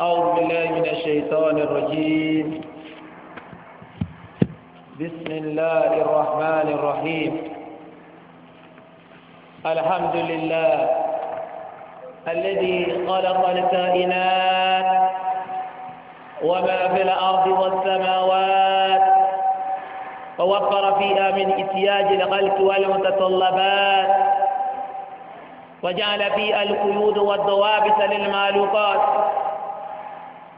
أعوذ بالله من الشيطان الرجيم بسم الله الرحمن الرحيم الحمد لله الذي خلق الكائنات وما في الأرض والسماوات ووفر فيها من إتياج الخلق والمتطلبات وجعل فيها القيود والضوابط للمعلوقات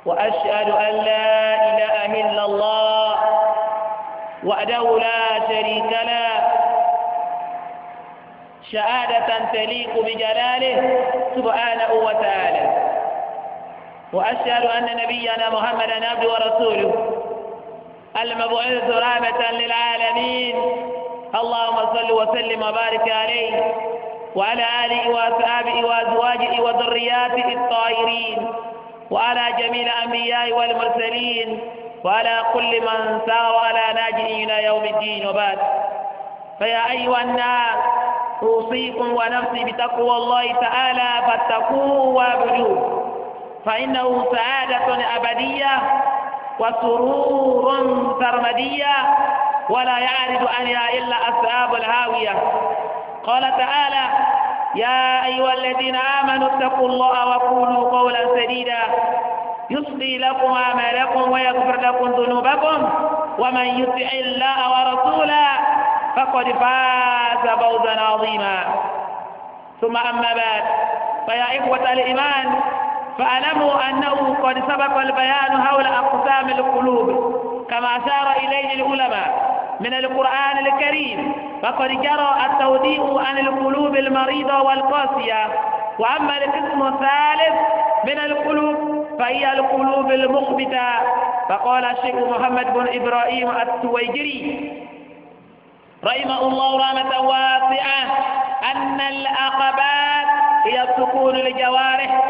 وأشهد أن لا إله إلا الله وحده لا شريك له شهادة تليق بجلاله سبحانه وتعالى وأشهد أن نبينا محمدا عبده ورسوله المبعوث رحمة للعالمين اللهم صل وسلم وبارك عليه وعلى آله وأصحابه وأزواجه وذرياته الطاهرين وعلى جميع الأنبياء والمرسلين وعلى كل من سار على ناجه إلى يوم الدين وبعد فيا أيها الناس أوصيكم ونفسي بتقوى الله تعالى فاتقوه وابدوه فإنه سعادة أبدية وسرور سرمدية ولا يعرض عنها إلا أصحاب الهاوية قال تعالى يا أيها الذين آمنوا اتقوا الله وقولوا قولا سديدا يصلي لكم أعمالكم ويغفر لكم ذنوبكم ومن يطع الله ورسوله فقد فاز فوزا عظيما ثم أما بعد فيا إخوة الإيمان فاعلموا أنه قد سبق البيان حول أقسام القلوب كما أشار إليه العلماء من القرآن الكريم فقد جرى التوديع عن القلوب المريضة والقاسية وأما القسم الثالث من القلوب فهي القلوب المخبتة فقال الشيخ محمد بن إبراهيم التويجري رحمه الله رحمة واسعة أن الأقبات هي سكون الجوارح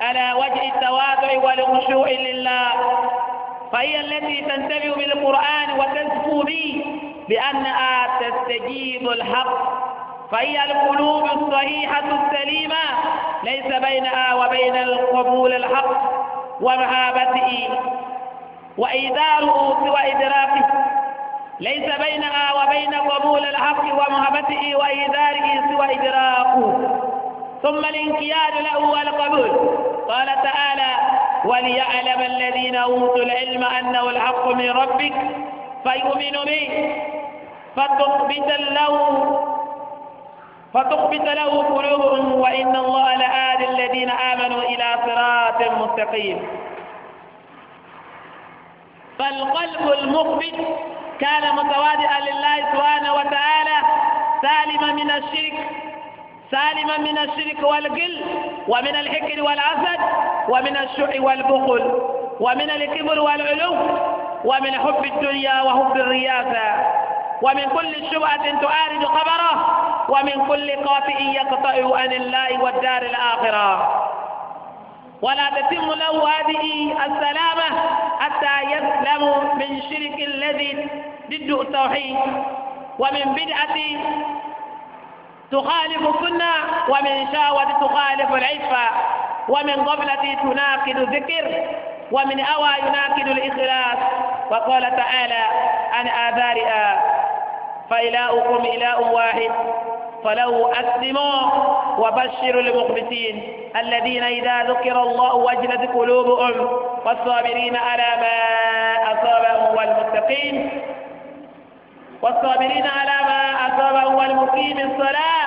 على وجه التواضع والخشوع لله فهي التي تنتبه بالقرآن وتزكو به لأنها تستجيب الحق فهي القلوب الصحيحة السليمة ليس بينها وبين القبول الحق ومهابته وإيذاره وإدراكه ليس بينها وبين قبول الحق ومهابته وإيذاره سوى إدراكه ثم الانقياد له والقبول قال تعالى وليعلم الذين أوتوا العلم أنه الحق من ربك فيؤمن به فتخبت له فتخبت له قلوبهم وإن الله لآل الذين آمنوا إلى صراط مستقيم فالقلب المخبت كان متواضعا لله سبحانه وتعالى سالما من الشرك سالما من الشرك والقل ومن الحكر والعسد ومن الشع والبخل ومن الكبر والعلو ومن حب الدنيا وحب الرياسة ومن كل شبهة تعارض خبره ومن كل قاطئ يقطع عن الله والدار الآخرة ولا تتم له هذه السلامة حتى يسلم من شرك الذي ضد التوحيد ومن بدعة تخالف السنة ومن شاوة تخالف العفة ومن غفلة تناقض الذكر ومن أوى يناقض الإخلاص وقال تعالى عن آبارئها فإلهكم إله واحد فلو أسلموا وبشروا المخبتين الذين إذا ذكر الله وجلت قلوبهم والصابرين على ما أصابهم والمتقين والصابرين على ما أصابهم والمقيم الصلاة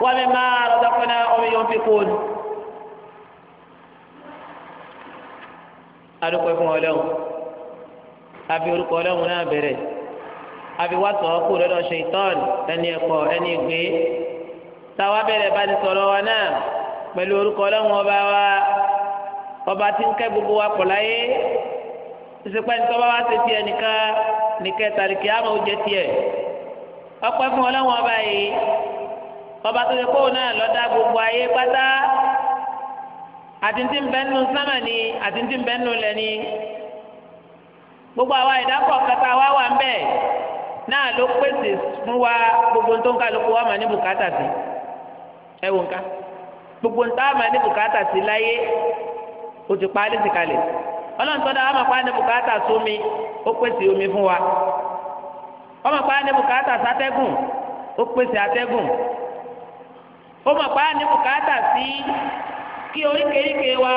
ومما رزقناهم ينفقون adúpẹ́ fún ọlọ́run àbí orúkọ ọlọ́run náà bẹ̀rẹ̀ àbí wá sọ̀rọ̀ kú lọ́dọ̀ ṣèitán ẹni ẹ̀kọ́ ẹni ìgbé táwa bẹ̀rẹ̀ bá ti sọ̀rọ̀ wa náà pẹ̀lú orúkọ ọlọ́run ọba wa ọba tí ń kẹ́ gbogbo wa pọ̀ láyé ìsèpẹ́ ní tọ́ba wá ṣe tiẹ̀ nìkan nìkan tàlìkì àmọ́ ó jẹ tiẹ̀ ọpẹ́ fún ọlọ́wọ́n ọba yìí ọba tó ṣe kóun náà lọ́dá gbogbo ayé pátá àtìntì ń bẹ nínú sámà ni àtìntì ń bẹ nínú lẹ̀ ni gbogbo àwa ìdákọ̀ kẹta wa wà ń bẹ̀ náà ló pèsè fún wa gbogbo tó ń kálukú wa mà ní bùkátà sí ẹ wò ń ká gbogbo ń tá a mà ní bùkátà sí láyé o ti pa á lè ti kalẹ̀. Ọlọ ọmọ pa ma bùkátà sómi ó pèsè omi fún wa ọmọ pa ní bùkátà sátẹ́gùn ó pèsè atẹ́gùn ọmọ pa ní bùkátà sí kí oríkèéríkèé wa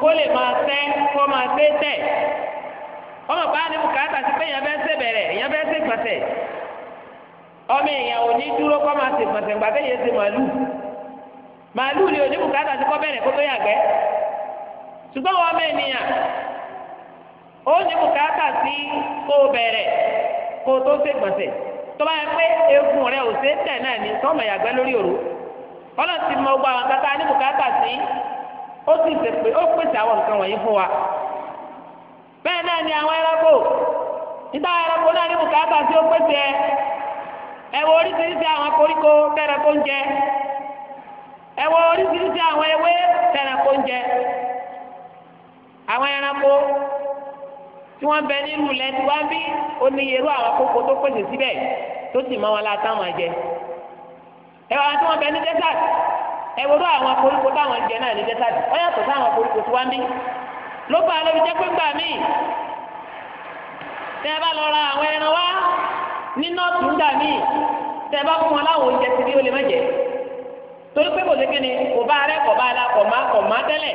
kó lè máa fẹ́ kó máa fẹ́ ma ọmọ pa ní bùkátà sí pé èèyàn fẹ́ ṣe bẹ̀rẹ̀ èèyàn ọmọ èèyàn ò ní dúró kó máa yẹn ni ò ṣùgbọ́n àwọn ọmọ ènìyàn ó ní bùkátà sí kó o bẹ̀rẹ̀ kó o tó ṣègbọ̀nsẹ̀ tó bá yẹ pé eegun rẹ ò ṣe tẹ̀ náà ní sọ́mọ̀ yàgbẹ́ lórí òru ọlọ́run ti mọ gbogbo àwọn kata ní bùkátà sí ó sì ṣe pé ó pèsè àwọn nǹkan wọ̀nyí fún wa bẹ́ẹ̀ náà ni àwọn àwọn ẹranko tí wọ́n bẹ nínú ilẹ̀ tí wọ́n bí oníyẹrú àwọn kókó tó pèsè síbẹ̀ tó sì mọ́ wọn la táwọn jẹ ẹ wọ́n tí wọ́n bẹ ní desert ẹ wọ́n rú àwọn koríko táwọn jẹ náà ní desert ó yàtọ̀ sáwọn koríko tí wọ́n bí ló bá lóbi jẹ́ pé gbà míì tẹ́ ẹ bá lọ ra àwọn ẹran wá ní nọ́ọ̀tù ń gbà míì tẹ́ bá fún wọn láwọn oúnjẹ ti rí ó lè má jẹ torí pé kò sí kíni kò bá rẹ kò bá la kò má kò má tẹ́lẹ̀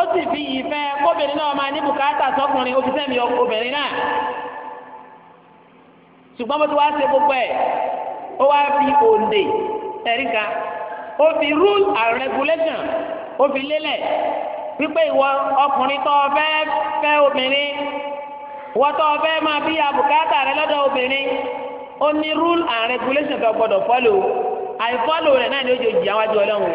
ó sì fi ìfẹ́ kóbìnrin náà máa ní bùkátà sọkùnrin òfìsẹ́ mi obìnrin náà ṣùgbọ́n bó ti wá ṣe gbogbo ẹ̀ ó wá fi òǹdè ẹ̀rí kan ó fi rule and regulation ó fi lélẹ̀ wípé ìwọ ọkùnrin tó o fẹ́ fẹ́ obìnrin ìwọ tó o fẹ́ máa bí abùkátà rẹ lọ́dọ̀ obìnrin ó ní rule and regulation tó gbọdọ̀ fọ́lò àìfọ́lò rẹ̀ náà ni ó jòjì àwọn àjọ ọlọ́run.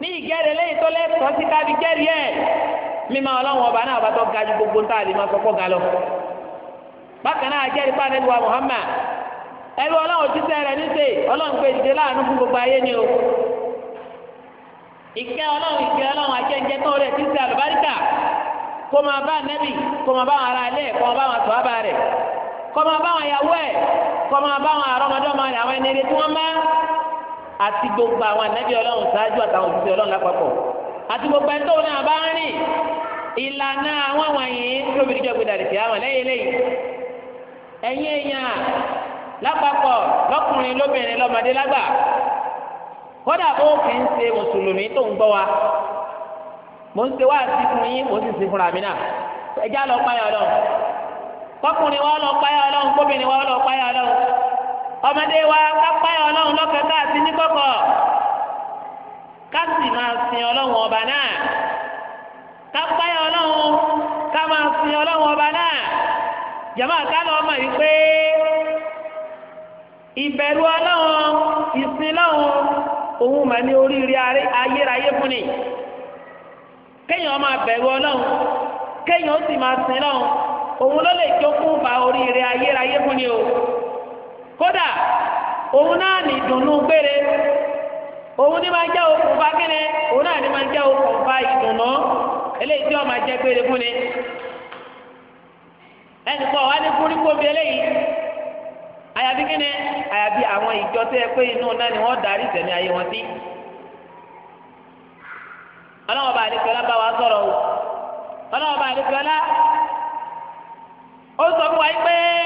ní ìjẹ́rìí lẹ́yìn tó lẹ́tọ̀ọ́ sí kábi jẹ́rìí ẹ̀ mímọ́ ọlọ́run ọba náà ọba tó gbogbo ń tà lè máa sọ́kọ́ ga lọ. bákan náà jẹ́rìí pa wa Muhammad ẹlú ọlọ́run títẹ́ rẹ̀ níṣẹ́ ọlọ́run pé ìdílé láàánú fún gbogbo ayé ni o. ìkẹ́ ọlọ́run ìkẹ́ ọlọ́run ajẹ́jẹ́ tó rẹ̀ títẹ́ àlùbáríkà kó máa bá nẹ́bí kó máa bá wọn ara ilé kó máa bá wọn sọ́ọ́bà àti gbogbo àwọn ànábì ọlọ́run ṣáájú àtàwọn òṣìṣẹ́ ọlọ́run lápapọ̀ àti gbogbo ẹni tóun náà bá ń rìn ìlànà àwọn wọ̀nyí lóbi níjọ́ àwọn lẹ́yìn lẹ́yìn èèyàn lápapọ̀ lọ́kùnrin lóbìnrin lọ́mọdé lágbà kódà fi ń ṣe mùsùlùmí tó ń gbọ́ wa mò ń ṣe wá sí fún yín mò ń sì ọmọdé wa kápá ọlọ́run lọ́kàn káàsì ní kọ̀kọ̀ káàsì máa sin ọlọ́run ọba náà kápá ọlọ́run ká máa sin ọlọ́run ọba náà jàmáà kálọ̀ ọmọ yìí pé ìbẹ̀rù ọlọ́run ìsìn lọ́run òun mà ní oríire ayérayé fún ni kéèyàn máa bẹ̀rù ọlọ́run kéèyàn ó sì máa sin lọ́run òun ló lè jókòó bá oríire ayérayé fún ni o. kódà òun náà ní ìdùnnú gbére òun ní máa jẹ́ okùnfà kíni òun náà ní máa jẹ́ okùnfà ìdùnnú eléyìí tí wọ́n máa jẹ́ gbére fún ni ẹnì kan wà ní bíi eléyìí àyàbí àyàbí àwọn ìjọ tó yẹ pé inú náà ni wọ́n darí ìsẹ̀mí ayé wọn sí ọlọ́wọ́ bá àdìsọ́lá bá wa o bá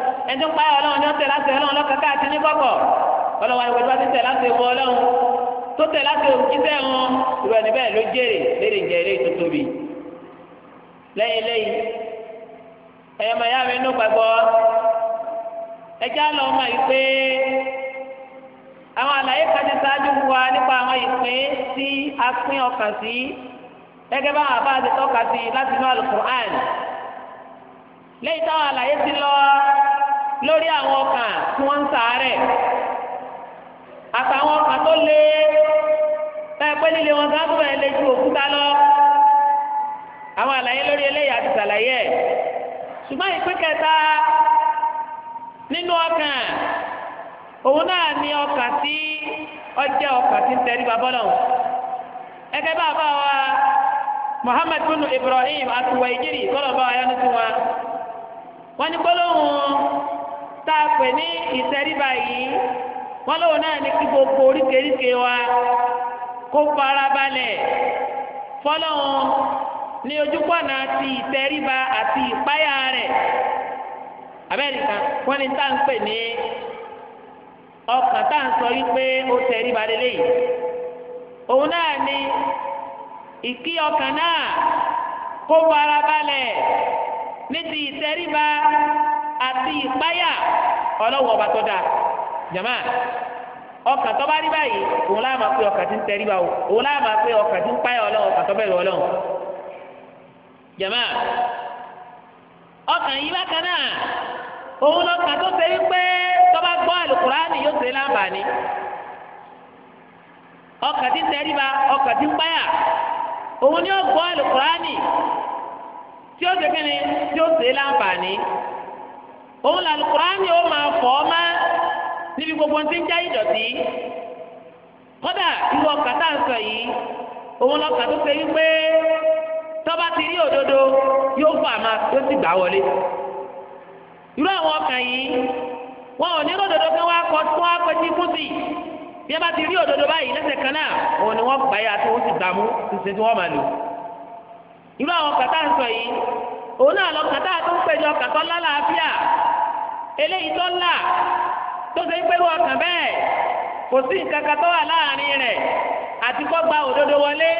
ẹni tó ń ni ó tẹ láti Ọlọ́run lọkàn káàkiri ní kọ̀kọ̀ ọlọwà ìwé tó ti tẹ láti wọ Ọlọ́run tó tẹ láti òkìtẹ wọn ìwé ẹni bẹ́ẹ̀ ló jèrè léèrè ń jẹ eré tó tóbi ẹyẹ mọ ya mi nù gbàgbọ́ ẹjẹ alọ ọmọ yìí pé àwọn àlàyé kan ti wa nípa àwọn tí a pín sí báwọn àbá ti sí lórí àwọn ọkàn tí wọ́n ń ṣàárẹ̀ àtàwọn ọkàn tó lé báyìí pé líle wọn sáà tó bẹ̀rẹ̀ lé ju òkúta lọ àwọn àlàyé lórí eléyà ti ṣàlàyé ẹ̀ ṣùgbọ́n ìpín kẹta nínú ọkàn òun náà ní ọkàn tí ọjẹ́ ọkàn tí ń tẹrí ba wa bin Ibrahim àti wàyíjírì kọ́lọ̀ bá wa yánu sí ni gbólóhùn. tá a pè ní ìtẹríba yìí wọn lóun náà ní kí gbogbo oríkèéríkè wa kó farabalẹ̀ fọlọ́hún ní náà ti ìtẹríba àti ìpáyà rẹ̀ abẹ́rìkà wọ́n tá à ń pè ní ọkàn tá à ń sọ ó tẹríba òun náà ní ìkí ọkàn náà kó ní ti ìtẹríba. àti ìpáyà ọlọ́wọ́ ọba tó dáa jama ọkàn tó bá rí báyìí òun láà máa pé ọkàn tí ń tẹrí ba o òun láà máa pé ọkàn tí ń páyà ọlọ́wọ́ ọkàn tó bẹ̀rẹ̀ ọlọ́wọ́ jama ọkàn yìí bákan náà òun lọkàn tó ṣe wípé tó bá gbọ́ àlùkùránì yóò ṣe láǹfààní ọkàn tí ń tẹrí ba ọkàn tí ń páyà òun ni ó gbọ́ àlùkùránì tí ó ṣe kíni tí ó ṣe láǹfààní òun là lùkùránì ó máa fọ́ ọ́ má níbi gbogbo ti ń já ìdọ̀tí kódà ìwọ kàtà ń sọ yìí òun lọ́kà tó ṣe wípé tọ́ba ti rí òdodo yóò fà má yóò sì gbà wọlé irú àwọn ọkàn yìí wọn ò ní òdodo pé wọn akọ tó apẹtí fún sí bí ẹ bá ti rí òdodo báyìí lẹ́sẹ̀ kan náà òun ni wọn gbà yà tó wọn gbà mú ṣiṣẹ́ tí wọn máa lò irú àwọn kàtà ń sọ yìí òun náà lọ kàtà tó ń péjọ kàtọ́ lálàáfíà eléyìí tó là tó ṣe ń pẹ́rù ọkàn bẹ́ẹ̀ kò sí nǹkan kan tó wà láàrin rẹ̀ àti kó gba òdodo wọlé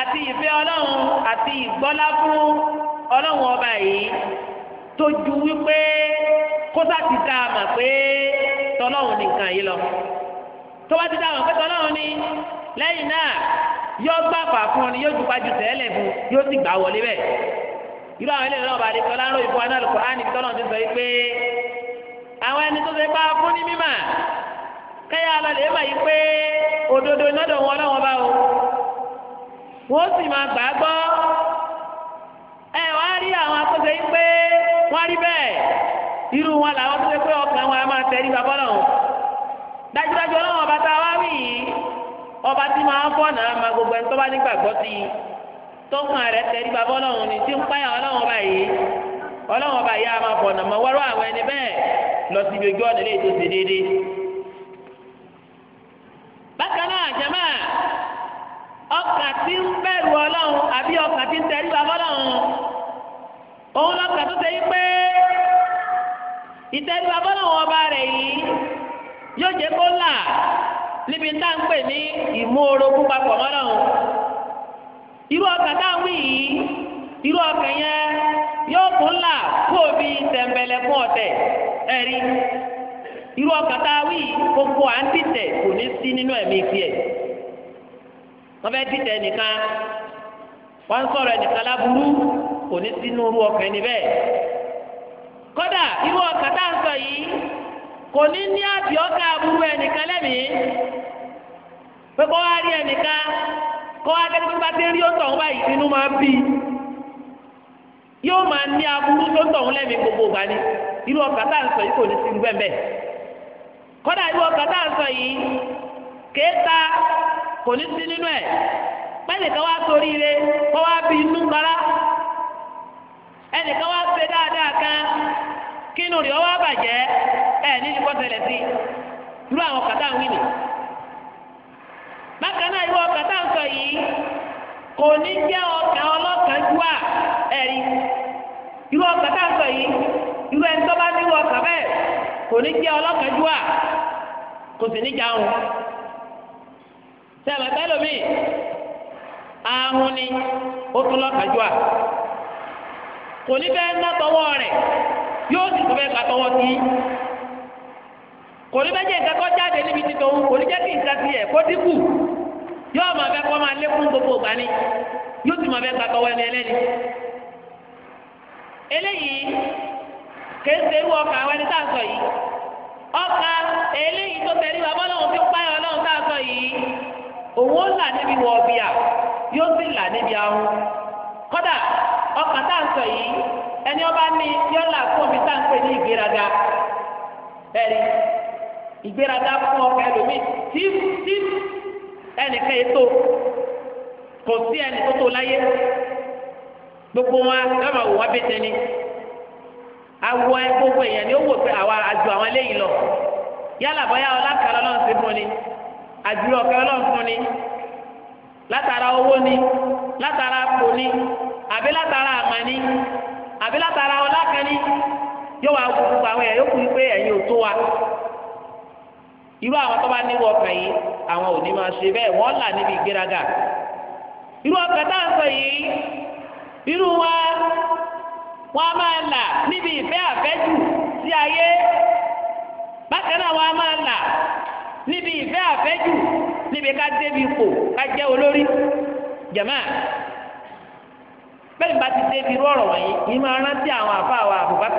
àti ìfẹ́ ọlọ́run àti ìgbọ́lá fún ọlọ́run ọba yìí tó ju wípé kó sá ti dá a mà pé tọ́lọ́run nìkan yìí lọ tó bá ti dá a mà pé tọ́lọ́run ni lẹ́yìn náà yóò gbà fà fún ọ ni yóò ju pàjù tẹ́lẹ̀ fún yóò sì gbà wọlé bẹ́ẹ̀ irú àwọn eléyìí náà bá dé tọ́lá ń ròyìn fún wa náà lùkọ́ ánì tọ́lá ti sọ yìí pé àwọn ẹni tó ṣe pa fún ní mímà kẹ́yà lọ́lẹ̀ mà yìí pé òdodo lọ́dọ̀ wọn lọ́wọ́ bá o wọ́n sì máa gbà á gbọ́ ẹ wá rí àwọn akóso yìí pé wọ́n rí bẹ́ẹ̀ irú wọn làwọn tó ṣe pé ọkàn wọn a máa tẹ̀lé bàbá lọ́wọ́ dájúdájú ọlọ́wọ́ ọba tá a wá wí ọba tí máa ń fọ́nà tọ́kàn rẹ̀ tẹ̀lé bàbá ọlọ́run ni tí ń páyà ọlọ́run ọba yìí ọlọ́run ọba yìí á máa fọ̀nà mọ́ wọ́rọ́ àwọn ẹni bẹ́ẹ̀ lọ sí ibi ojú ọ̀nà ilé ìtòsí déédéé. bákan náà jẹ́mọ́ ọkàn tí ń bẹ̀rù ọlọ́run àbí ọkàn tí ń tẹ̀lé bàbá ọlọ́run òun lọ́kàn tó ṣe yí pé ìtẹ̀lé bàbá ọlọ́run ọba rẹ̀ yìí yóò jẹ́ kó là níbi tá ní ìmú irú ọkàn táwọn yìí irú ọkàn yẹn yóò kún là kó o fi tẹ̀m̀bẹ̀lẹ̀ fún ọ̀tẹ̀ ẹ̀rí irú ọkàn táwọn yìí gbogbo à ń tìtẹ̀ kò ní sí nínú ẹ̀mí tiẹ̀ wọ́n fẹ́ tìtẹ̀ nìkan wọ́n sọ̀rọ̀ ẹnìkan láburú kò ní ọkàn ẹni bẹ́ẹ̀ kódà irú tá à ń sọ yìí kò ní ní ẹnìkan lẹ́mìí pé kó kọ́ akẹ́kọ̀ọ́ bá ti ń rí ọ̀tọ̀ ọ̀hún báyìí inú máa bí yóò máa ní aburú tó ń tọ̀hún lẹ́mìí gbogbo ìgbà ni irú ọkà tá à ń sọ yìí kò ní sí gbẹ́ kọ́dà irú ọkà tá à ń ire kọ́ wá bí inú rárá ẹnìkan wá ṣe dáadáa kan kínú rẹ̀ ọwọ́ bàjẹ́ ẹ̀ ní ìdíkọ́ tẹ̀lẹ̀ sí irú bákan náà irú ọkàn tá à ń sọ yìí kò ní jẹ́ ọkàn ọlọ́kàn jù à ẹ̀rí irú ọkàn tá à ń sọ yìí irú ẹni tó bá ní irú ọkàn bẹ́ẹ̀ kò ní jẹ́ ọlọ́kàn jù à kò sì ní jáun sẹ́mi tẹ́lómi ahun ni ó tún lọ́kàn jù à kò ní fẹ́ ná tọwọ́ rẹ̀ yóò sì tún fẹ́ gbà tọwọ́ sí i. kò ní nǹkan kọ́ jáde níbi títọ́ òun kò kí nǹkan tiẹ̀ kó dínkù yóò máa kọ́ máa gbogbo ìgbà ni yóò sì máa fẹ́ gba tọwọ́ ẹni ẹlẹ́ni. eléyìí kèé ṣe ọkà àwọn tá a sọ yìí ọkà eléyìí tó tẹ̀lé bàbá ọlọ́run tó páyọ̀ ọlọ́run tá a sọ yìí òun ó là níbi wọ yóò sì là ìgbéraga fún ọkọ ẹlòmíì tí tí ẹnìkan ètò kò sí ẹnì tó tó láyé gbogbo wa dábàá wò wá bẹ́tẹ̀ ni awọ ẹ gbogbo èèyàn ni ó wò pé àwa àjò àwọn eléyìí lọ yálà bóyá ọlákàlọ́ ọlọ́run ti fún ni àjùlọ ọ̀kẹ́ ọlọ́run fún ni látara owó ni látara kò ni àbí látara àmà ni àbí látara ọlákan ni yóò wá gbogbo àwọn èèyàn yóò kú pé ẹ̀yin ò tó wa irú àwọn tó bá ní ọkàn yìí àwọn ò ní máa ṣe bẹ́ẹ̀ wọ́n là níbi ìgbéraga irú ọkàn tá à ń sọ yìí irú wa wọn a máa là níbi ìfẹ́ àfẹ́jù sí ayé bákan náà wọn a máa là níbi ìfẹ́ àfẹ́jù níbi ká débi ipò ká jẹ́ olórí jàmáà bẹ́ẹ̀ bá ti débi irú ọ̀rọ̀ wọ̀nyí yìí máa àwọn àfa wa Abubakar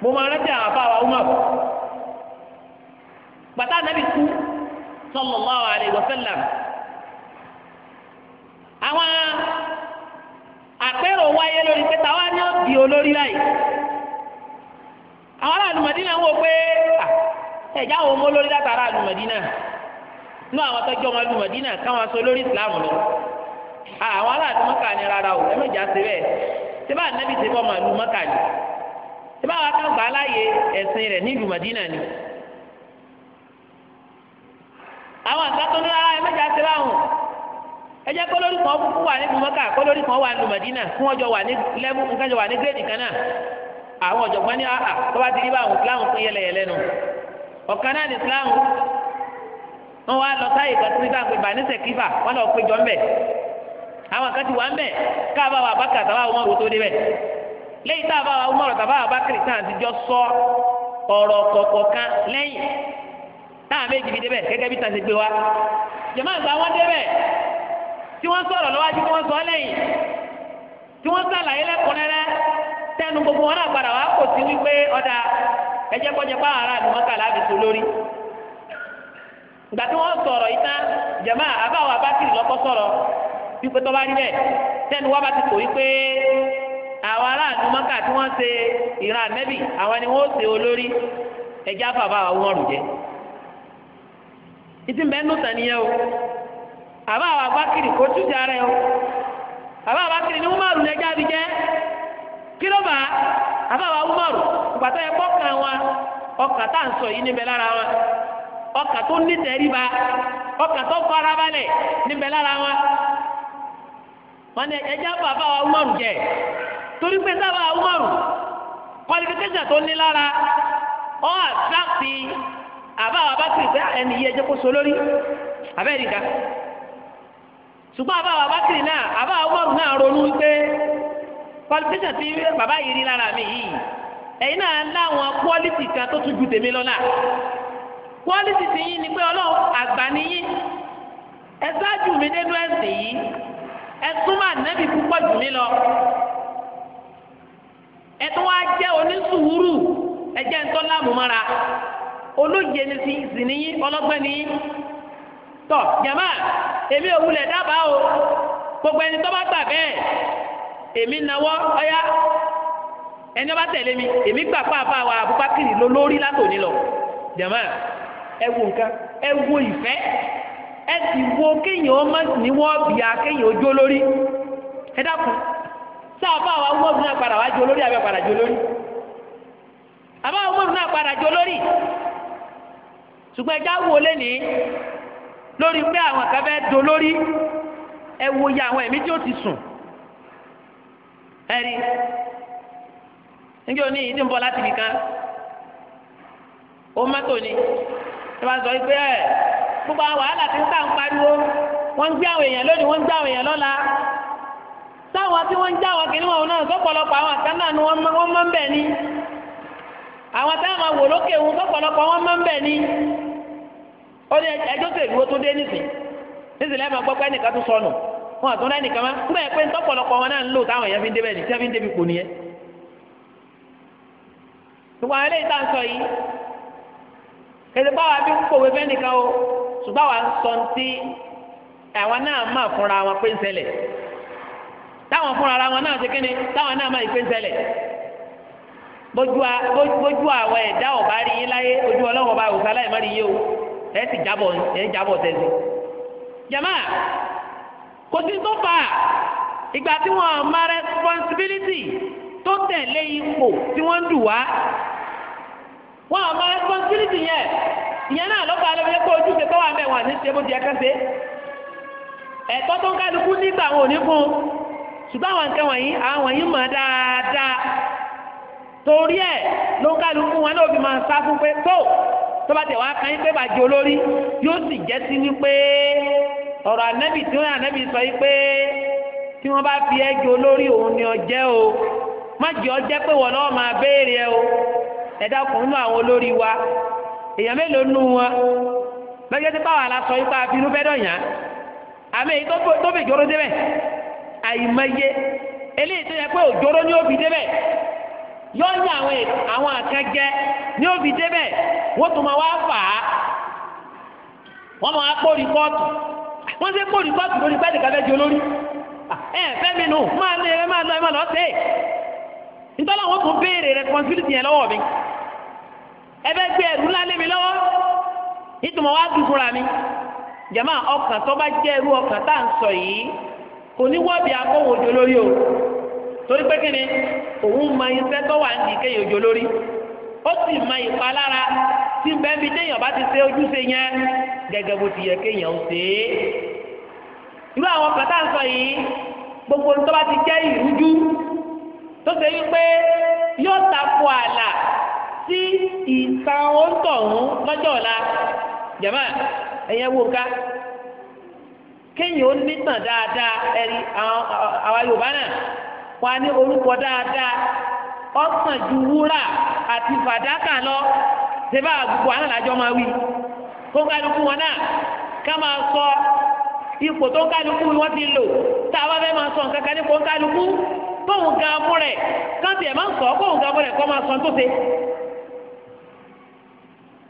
mo máa rántí àwọn àfa wa Umar bàtà nàbì kú sallallahu alaihi wasallam àwọn àpérò wáyé lórí pé táwa ni ó di olórí láyìí àwọn aráàlú Mẹdínà ń wò pé ah, ẹ̀já àwọn ọmọ olórí látara àlù Mẹdínà nú àwọn tọ́jú ọmọ àlù Mẹdínà káwọn aṣọ olórí ìsìláàmù lọ ah, àwọn aráàlú Mẹ́kà ni rárá o ẹ méjì á ṣe bẹ́ẹ̀ ṣé bá nàbì ṣe fọ́ ọmọ àlù Mẹ́kà ṣé bá wàá kàn gbà láàyè ẹ̀sìn rẹ̀ nílùú Mẹdínà ni àwọn àtàtọ́ ní ara ẹ̀mẹ́jà ti ráhùn ẹ jẹ́ kó lórí kan kúkú wà nílùú mọ́kà kó lórí kan wà nílùú mọ̀dínà fún ọjọ́ wà ní lẹ́mú nǹkan jọ wà ní gírèdì kan náà àwọn ọ̀jọ̀gbọ́n ní àhà tó bá ti rí báwọn fúláwọn fún yẹlẹyẹlẹ nu ọ̀kan náà ní fúláwọn wọn wá lọ sáyè kan síbi táwọn pèbà nísẹ̀ kífà wọn lọ péjọ ńbẹ àwọn kan ti wà ńbẹ káàbà wà bákà tàbá wọn rò tó débẹ lẹ́yìn táàbà wà wọn rò táwọn méjì fi débẹ̀ gẹ́gẹ́ bí tàṣẹ gbé wa jẹ̀mọ́ àgbà wọn débẹ̀ tí wọ́n sọ̀rọ̀ lọ́wájú tí wọ́n sọ lẹ́yìn tí wọ́n sàlàyé lẹ́kùnrẹ́rẹ́ tẹnu gbogbo wọn náà padà wá kò sí wípé ọ̀dà ẹjẹ́ kọjá bá ara ni wọ́n kà láàbìsọ lórí ìgbà tí wọ́n sọ̀rọ̀ yìí tán jẹ̀mọ́ àbáwọ̀ abákìrì lọ́kọ́ sọ̀rọ̀ wípé tọ́ba rí bẹ́ẹ̀ tẹnu wá bá ti kò wípé àwọn aráàlú mọ́kà tí wọ́n ṣe ìran ànẹ́bì àwọn ni wọ́n ṣe olórí ẹjẹ́ àfàbà àwọn ọ̀rùn ìtì bẹ́ẹ̀ nù tànìyẹ o àbá àwọn abákiri kò tún o àbá ni umaru lẹjọ àbí jẹ kí àbá umaru gbàtọ́ yẹ kọ́kàn wa ọkàn tá à ń sọ yìí níbẹ̀ lára wa ọkàn tó nítẹríba ọkàn tó lára wa wọn ni ẹjẹ àbá àbá umaru jẹ torí pé sábà umaru qualification tó ní lára àbá àwọn abákiri pé ẹni yìí ẹjẹ kó so lórí abẹ́rẹ́ ìdá ṣùgbọ́n àbá àwọn abákiri náà àbá àwọn ọmọrù náà ronú pé qualification ti bàbá yìí rí lára mi yìí ẹ̀yin náà láwọn quality kan tó tún ju tèmi lọ́la quality ti yín ni pé ọlọ́run àgbà ni yín ẹ ṣáájú mi nínú ẹ̀sìn yìí ẹ súnmọ́ ànábì púpọ̀ jù mí lọ ẹ tún wá jẹ́ onísùúrù ẹ jẹ́ ń tọ́ láàmú mọ́ra. olóye ni ti sì níyí ọlọ́gbẹ́ níyí tọ̀ jàmá èmi ò wulẹ̀ dábàá o gbogbo ẹni emi bá gbà bẹ́ẹ̀ èmi nawọ́ ọ̀yá ẹni ọba tẹ̀lé mi èmi gbà pàápàá wa Abubakar lọ lórí látòní lọ jàmá ẹ wo nǹkan ẹ wo ìfẹ́ ẹ wo kéèyàn ọmọ níwọ́ bìá kéèyàn ojó lórí ẹ dákun sáàbà wa padà wá jó lórí padà jó lórí àbá padà jó lórí. ṣùgbọ́n ẹja wo lẹ́ni lórí pé àwọn kan fẹ́ do lórí ẹ wo ya àwọn ẹ̀mí tí ó ti sùn ẹ̀rí níjọ́ ní ìdí ń bọ̀ láti nìkan ó mọ́tò ni ẹ máa sọ pé ẹ gbogbo àwọn wàhálà tí ń tà ń pariwo wọ́n ń gbé àwọn èèyàn lónìí wọ́n ń gbé àwọn èèyàn lọ́la táwọn tí wọ́n ń já àwọn kìnìún ọ̀hún náà sọ́pọ̀lọpọ̀ àwọn àkàn náà ni wọ́n mọ́ ń bẹ̀ ni àwọn táwọn wò lókè òun sọ́pọ̀lọpọ̀ wọ́n mọ́ ń bẹ̀ ni ó ní ẹjọ́ tó èlúwo tó dé nísìn nísìn lẹ́ẹ̀ma gbọ́ pé ẹnìkan tó sọnù wọn àtún rẹ́ nìkan má kúrò ẹ̀ pé ń tọ́pọ̀lọpọ̀ wọn náà ń lò táwọn èèyàn fi ń débẹ̀ ní tí wọ́n fi ń débi kò nìyẹn. ṣùgbọ́n àwọn eléyìí tá à ń sọ yìí kẹsì báwa bí ń pòwe fẹ́ nìkan o ṣùgbọ́n àwa ń sọ ti àwọn náà mà fúnra wọn pé ń ṣẹlẹ̀ táwọn fúnra wọn náà ti kíni táwọn náà mà ì ẹ ti jábọ̀ ẹ jábọ̀ tẹsí jama kò sí tó fà ìgbà tí wọn ma responsibility tó tẹ̀lé ipò tí wọ́n ń dù wá wọn ma responsibility yẹn ìyẹn náà lọ́kọ̀ alẹ́ kó ojú ṣe tọ́wọ́ àmẹ́ wọn àti ṣe bó ti ẹ̀ka ṣe ẹ̀tọ́ tó ń kálukú nígbà wọn ò ní fún un ṣùgbọ́n àwọn nǹkan wọ̀nyí àwọn wọ̀nyí mọ̀ dáadáa torí ẹ̀ ló ń kálukú wọn náà fi máa sá fún pé tó tọ́ba tẹ̀ wá kan yín pé bàjẹ́ olórí yóò sì jẹ́ sí ni pé ọ̀rọ̀ ànábì tí wọ́n ànábì sọ yìí pé tí wọ́n bá fi ẹjọ́ olórí òun ni ọjẹ́ o má jẹ́ ọjẹ́ pé wọ́n lọ́wọ́ máa béèrè ẹ o ẹ̀dá ọkùnrin nínú àwọn olórí wa èèyàn mélòó nù wọn lọ́jọ́ tí báwa la sọ ipa abirú fẹ́ dọ̀yàn àmì èyí tó fi jòrò débẹ̀ àyìnmáyé eléyìí tó yẹ pé òjòrò ni ó fi débẹ̀ yọ ní àwọn àwọn àkànjẹ ní òbí débẹ̀ wọ́n tún máa wá fà á wọ́n máa kó rìpọ́ọ̀tù wọ́n ṣe kó rìpọ́ọ̀tù lórí pẹ́ẹ́lí kàfẹ́ di olórí ẹ fẹ́ mi nù máa lé ẹ máa lọ ẹ máa lọ sí i nítorí béèrè yẹn mi o. torí pé kíni òun mọ iṣẹ́ tó wà ní kéèyàn òjò lórí ó sì mọ ìpalára tí bẹ́ẹ̀ bí téèyàn bá ti ṣe ojúṣe yẹn gẹ́gẹ́ bó ti yẹ kéèyàn ó ṣe é irú àwọn kàtà ń sọ yìí gbogbo tó bá ti jẹ́ ìrújú tó ṣe wípé yóò tako ààlà sí ìtàn òǹtọ̀hún lọ́jọ́ ọ̀la jàmá ẹ̀yẹ wo ká kéèyàn ó nítàn dáadáa ẹ̀rí àwọn Yorùbá náà wà ní orúkọ dáadáa ọ̀sán ju wúrà àti fàdákà lọ ṣẹba àgùkù alálàjọ máa wí kó kálukú wọn náà ká máa sọ ipò tó kálukú wọn ti lò tá a bá fẹ́ máa sọ nǹkan kan nípò kálukú kóhùn gan fún káńtì ẹ̀ máa ń sọ kóhùn gan fún rẹ̀ máa sọ tó ṣe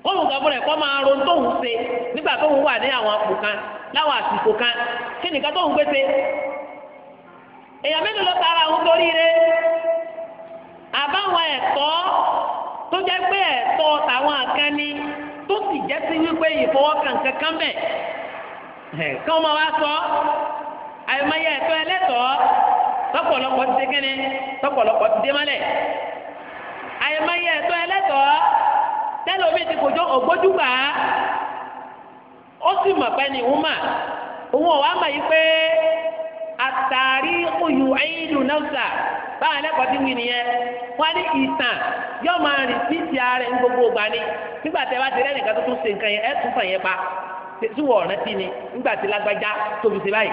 kóhùn gan fún rẹ̀ máa ron tóhùn ṣe nígbà tóhùn wà ní àwọn àpò kan láwọn àsìkò kan kí nìkan tóhùn gbé ṣe. èèyàn mélòó ló tara àwọn torí àbáwọn ẹ̀tọ́ tó jẹ́ pé ẹ̀tọ́ tàwọn kan tó sì jẹ́ sí wípé kankan bẹ̀ kán máa wá sọ àìmọye ẹ̀tọ́ ẹlẹ́tọ̀ọ́ tọ́pọ̀lọpọ̀ ti dé kẹ́ni tọ́pọ̀lọpọ̀ ti dé mọ́lẹ̀ ẹ̀tọ́ ẹlẹ́tọ̀ọ́ tẹ́lẹ̀ omi ti ògbójúgbà àtàrí oyù ayélu náà báwọn ẹlẹ́kọ̀ọ́ ti wí nìyẹn wọ́n ní ìtàn yóò máa rìn sí ti ààrẹ ní gbogbo ìgbà ni nígbà tẹ́ bá ti rẹ́ nìkan tó tún ṣe nǹkan yẹn ẹ̀ tún fàn yẹn pa tẹ̀síwọ̀ ọ̀rẹ́ tí ni nígbà tí lágbájá tóbi sí báyìí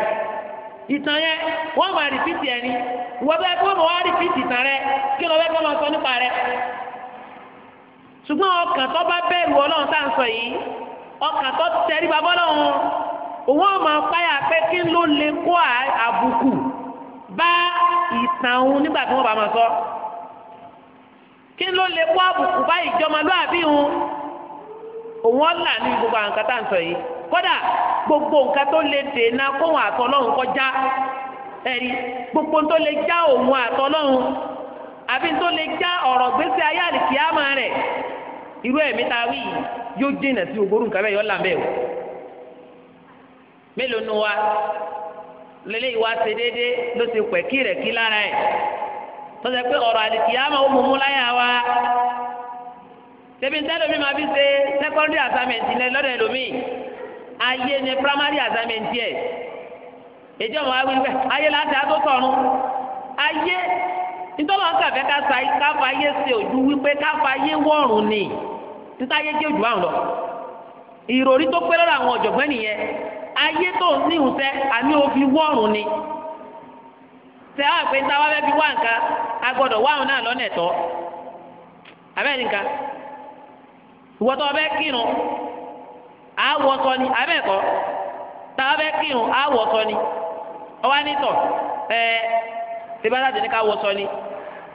ìtàn yẹn wọ́n máa rìn sí ti ẹni ìwọ bẹ́ẹ̀ kí wọ́n wá rìn sí ti ìtàn rẹ kí lọ bẹ́ẹ̀ kọ́ máa sọ nípa rẹ ṣùgbọ́n ọkàn tó bá bẹ̀rù ọlọ́run tá à ń sọ yìí ọkàn tó tẹríba bọ́lọ́run òun ọmọ apáyà pé kí ló lè kó àbùkù bá ìtàn òun nígbà tí wọ́n bá máa sọ kí ló lè kó àbùkù bá ìjọmọlúàbí òun òun ọ̀là ní gbogbo àwọn nǹkan tá à ń sọ yìí kódà gbogbo nǹkan tó lè dènà kóhun àtọ́lọ́hún kọjá ẹ̀rí gbogbo tó lè já òun àbí tó lè já ọ̀rọ̀ gbèsè ayé rẹ̀ mélòó nu wa lélẹ́ ìwà ṣe ló ti pẹ̀ kí rẹ̀ kí lára ẹ̀ tọ́sẹ̀ pé ọ̀rọ̀ àlìkìyàmọ̀ ó mú mú láyà wa tẹ̀bí ntẹ́lómi máa fi ṣe secondary assignment ayé ni primary assignment ọmọ wa ayé láti adó ayé ntọ́lọ́ kàfẹ́ ayé ojú wípé ayé wọ̀rùn ni ojú àwọn lọ ìròrí tó pé lọ́dọ̀ àwọn ayé tó ń ní ìhùnsẹ́ àní òfin wọ́ọ̀rùn ni tẹ àwọn àpè ńta wá fẹ́ fi wá nǹkan a gbọ́dọ̀ wá àwọn náà lọ́nà ẹ̀tọ́ abẹ́ nìkan ìwọ́tọ̀ ọbẹ̀ kírun àwọ̀ sọ ni abẹ́ ẹ̀kọ́ tá a fẹ́ kírun àwọ̀ sọ ni ọwọ́ anítọ̀ ẹ ìbára tẹ̀ ní ká wọ̀ sọ ni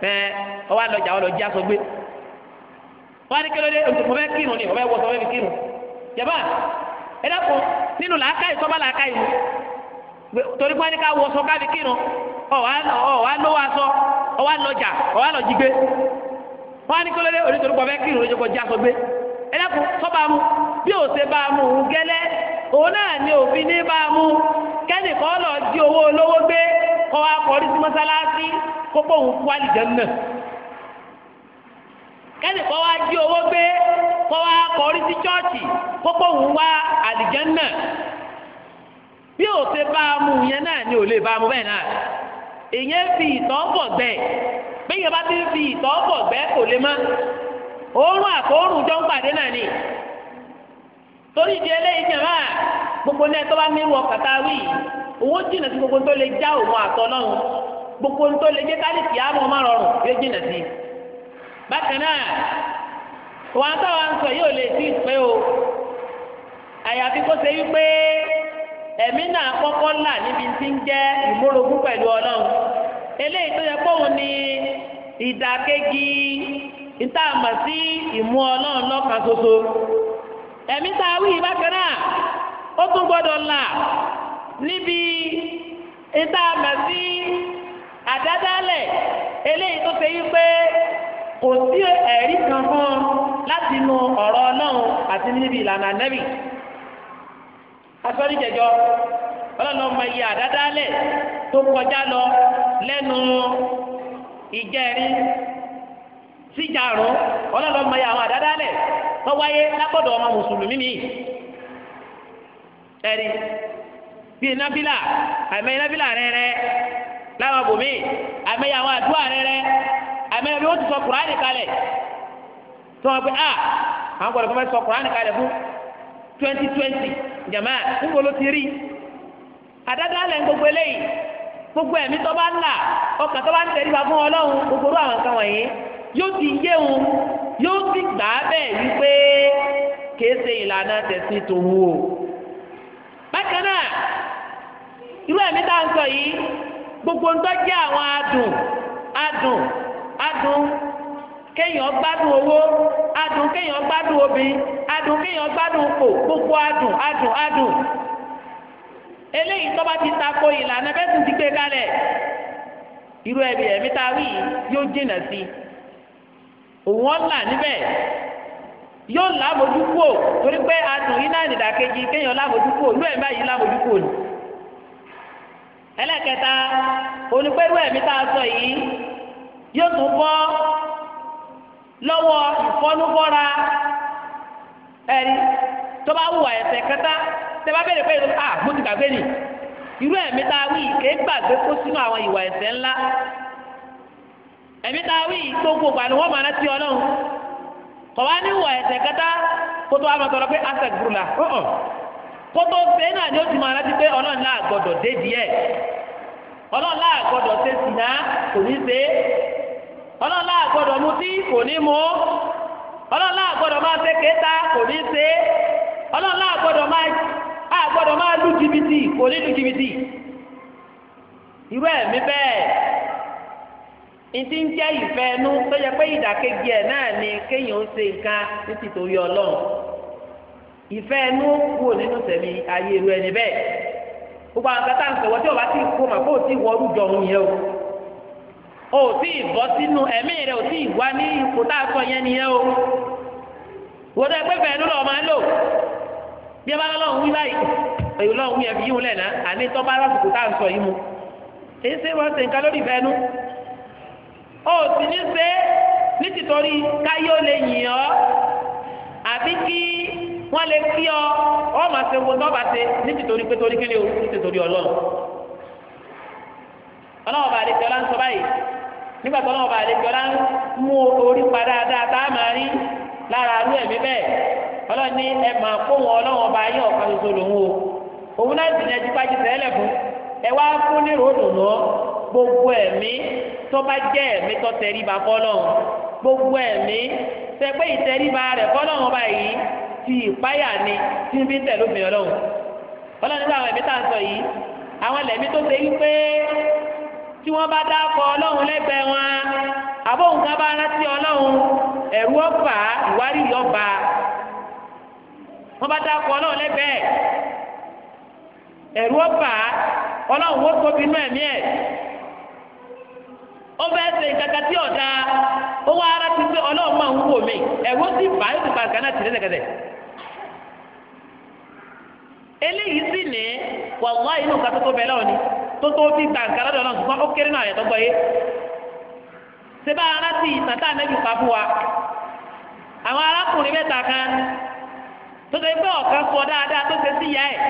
ẹ ọwọ́ alọ́jà ọlọ́jà aṣọ gbé wọ́n á ní kí ló dé mo fẹ́ kírun ni mo fẹ́ sọ fẹ́ fi kírun yẹ ẹ dẹ́kun nínú làákàyè sọ́ba làákàyè mu torí pé wọ́n ní ká wọ sọ káfí kírun ọ̀ wá lówó aṣọ ọ̀ wá lọ́jà ọ̀ wá lọ́jì gbé wọ́n á ní kólódé onítorí pọ̀ fẹ́ kírun lójú kọjá sọ gbé ẹ dẹ́kun sọ́ba mu bí ó ṣe bá a mú un gẹ́lẹ́ òun náà ni òfin ní bá a mú kẹ́nì lọ di owó olówó gbé kọ́ wa kọrí sí mọ́sálásí kó bóun kú àlìjẹ́ náà kẹ́nì kan wá di owó gbé kọ́ wa kọrí sí chọ́ọ̀chì kókó ń wá àlìjẹ́nà bí o ṣe bá a mú náà ni bá a mú bẹ́ẹ̀ náà fi ìtọ́ bọ̀ gbẹ́ fi ìtọ́ bọ̀ kò lè má òórùn àkóórùn jọ ń pàdé náà ni torí ìdí eléyìí jẹ̀ gbogbo ní ẹ tó bá wí owó wọn táwa ń sọ yóò lè ti pé o àyàfi kó ṣe wípé ẹ̀mí náà kọ́kọ́ là níbi tí ń jẹ́ ìmúrogún pẹ̀lú ọlọ́run eléyìí tó yẹ kóun ni ìdàkejì ìtààmà sí ìmú ọlọ́run lọ́kàn ṣoṣo ẹ̀mí tá a wí bákan náà ó tún gbọ́dọ̀ là níbi ìtààmà sí àdádálẹ̀ eléyìí tó ṣe wípé kò sí ẹ̀rí kan fún láti inú ọ̀rọ̀ ọlọ́run àti níbi ìlànà nẹ́bì asọ́rí jẹjọ ọlọ́run ọmọ iye àdádálẹ̀ tó kọjá lọ lẹ́nu ìjẹ́rin síjàrún ọlọ́run ọmọ iye àwọn àdádálẹ̀ tó wáyé lápọ̀dọ̀ ọmọ mùsùlùmí mi ẹ̀rí bíi nábìlà àìmọye nábìlà rẹ̀ rẹ̀ láwọn bòmíì àìmọye àwọn àdúrà rẹ rẹ. àmẹ́rin ni wọ́n ti sọ kùránì kalẹ̀ tí wọ́n pe a ah, àwọn gbọ́dọ̀ fún mi sọ kùránì kalẹ̀ fún twenty twenty jama níbo ló ti rí àdáda lẹ̀ ń gbogbo eléyìí gbogbo ẹ̀mí tó bá ń là ọkàn tó bá ń tẹríba fún ọlọ́run gbogbo orú àwọn nǹkan wọ̀nyí yóò ti yé wọn yóò ti gbà á bẹ́ẹ̀ wípé kìí ìlànà tẹ̀sí tó wú o. bákan náà irú ẹ̀mí tá à ń sọ yìí gbogbo ń tọ́jú àwọn adùn adùn adùn kéèyàn gbádùn owó adùn kéèyàn gbádùn obì adùn kéèyàn gbádùn kò gbogbo adùn adùn adùn eléyìí tó bá ti tako ìlànà bẹ́ẹ̀ tún ti gbé kalẹ̀ irú ẹbí ẹ̀mí tá a wí yóò jìnà sí òun ọ̀là níbẹ̀ yóò lámojú kúò torí pé adùn yìí náà nìdàkejì kéèyàn lámojú kúò irú ẹ̀mí báyìí lámojú kúò ni ẹlẹ́kẹta onípẹ́rú ẹ̀mí tá a sọ yìí yóò tún bọ́ lọ́wọ́ ìfọ́núbọ́ra ẹ̀rí tó bá wù àyẹ̀sẹ̀ kẹta tẹ bá bẹ̀rẹ̀ pé ah mo ti gbàgbé ni irú ẹ̀mí tá a wí kéé gbàgbé kó sínú àwọn ìwà ẹ̀ṣẹ̀ ńlá ẹ̀mí tá a wí gbogbo ìgbà ni wọ́n máa rántí ọlọ́run kọ̀ wá ní ìwà ẹ̀ṣẹ̀ kẹta kó tó wá máa tọrọ pé asẹ̀ gbúrúlà ọ̀hún kó tó fẹ́ náà ni ó ti máa rántí pé ọlọ́run náà gbọ́dọ̀ dé díẹ̀ ọlọ́run náà gbọ́dọ̀ ṣe sìnà kò ní ṣe é ọlọ́lá àgbọ̀dọ̀ mutí kò ní mú ọlọ́lá àgbọ̀dọ̀ máa ṣe kéta kò ní ṣe ọlọ́lá àgbọ̀dọ̀ máa àgbọ̀dọ̀ máa lu jìbìtì kò ní lu jìbìtì irú ẹ̀mí bẹ́ẹ̀ ìdí ń jẹ́ ìfẹ́ ẹnu tó yẹ pé ìdàkejì ẹ̀ náà ni kéèyàn ń ṣe nǹkan títí tó yọ ìfẹ́ ẹnu wò nínú tẹ̀mí ayé irú ẹni bẹ́ẹ̀ gbogbo àwọn jọ yẹn o. o ò tí ì bọ́ sínú ẹ̀mí rẹ̀ o tí ì wá ní ipò tá a sọ yẹn nìyẹn o wọ́n tẹ́ pé bẹ́ẹ̀ ló lọ́ọ́ máa lò bí ẹ bá lọ́ọ́ wí báyìí èyí lọ́ọ́ wí ẹbí yìí lẹ̀ náà àní tọ́ bá lásìkò tá a sọ yìí mu èyí ṣe wọ́n ṣe nǹkan lórí ìfẹ́ nu o ò sì ní ṣe ní tìtorí káyé ó lè yìn ọ́ àbí kí wọ́n lè kí ọ ọ́ máa ṣe wo tọ́ bá ṣe ní tìtorí pé torí kí ni o ní tìtorí ọlọ́run ọlọ́wọ́ bá àlejò ọlá ń sọ báyìí nígbà tó ọlọ́wọ́ bá àlejò ọlá ń mú orí pa dáadáa tá a máa rí lára arú ẹ̀mí bẹ́ẹ̀ ọlọ́ni ẹ máa kó wọn ọlọ́wọ́ bá yẹ ọ̀kan ṣoṣo lòun o òun náà sì ní ẹjú pàjù tẹ́lẹ̀ fún ẹ wá fún ní ròdùnú gbogbo ẹ̀mí tó bá jẹ́ ẹ̀mí tó tẹríba fọ́lọ́run gbogbo ẹ̀mí tẹ pé ìtẹríba rẹ̀ fọ́lọ́run báyìí ti ìpáyà ni tí ń fi tẹ̀ lómi ọlọ́run ọlọ́run nígbà àwọn ẹ̀mí tá à sọ yìí àwọn ẹ̀mí tó ṣe wípé tí wọ́n bá dákọ̀ ọlọ́run lẹ́gbẹ̀ẹ́ wọn àbóhùn kan bá rántí ọlọ́run ẹ̀rú ọ̀fà ìwárí ìyọ̀ba wọ́n bá dákọ̀ ọlọ́run lẹ́gbẹ̀ẹ́ ẹ̀rú ọ̀fà ọlọ́run wó tóbi inú tí ara ti pé máa ń wò mí bá yóò ti pa náà tì eléyìí sì ní wàhálà inú ni. tó tó fi gbà nǹkan ṣùgbọ́n ó kéré náà yẹn gbọ́ yé seba aráàlú ìtàtà nẹ́bí àwọn kan tó ṣe ọ̀kan sọ dáadáa tó ṣe sí ìyá ẹ̀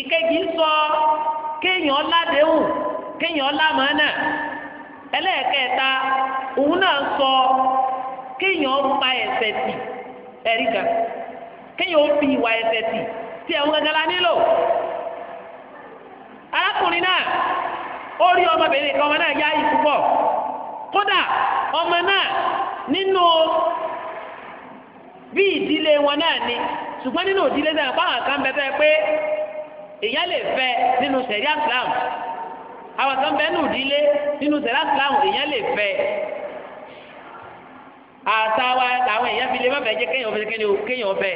ìkejì sọ kéèyàn ládéhùn kéèyàn ẹlẹ́ẹ̀kẹta òun náà sọ kéèyàn pa tì ẹ̀rí kéèyàn fi ìwà arákùnrin náà ó rí ọmọbìnrin kan ọmọ náà yá ìkúpọ̀ kódà ọmọ náà nínú bí ìdílé wọn náà ni ṣùgbọ́n nínú ìdílé náà báwọn kan bẹ fẹ́ pé ìyá lè fẹ́ nínú sẹ̀ríà Islam àwọn kan bẹ nínú ìdílé nínú sẹ̀ríà Islam ìyá lè fẹ́ àtàwa làwọn èèyàn fi lè má fẹ́ jẹ́ kéèyàn fẹ́ kéèyàn fẹ́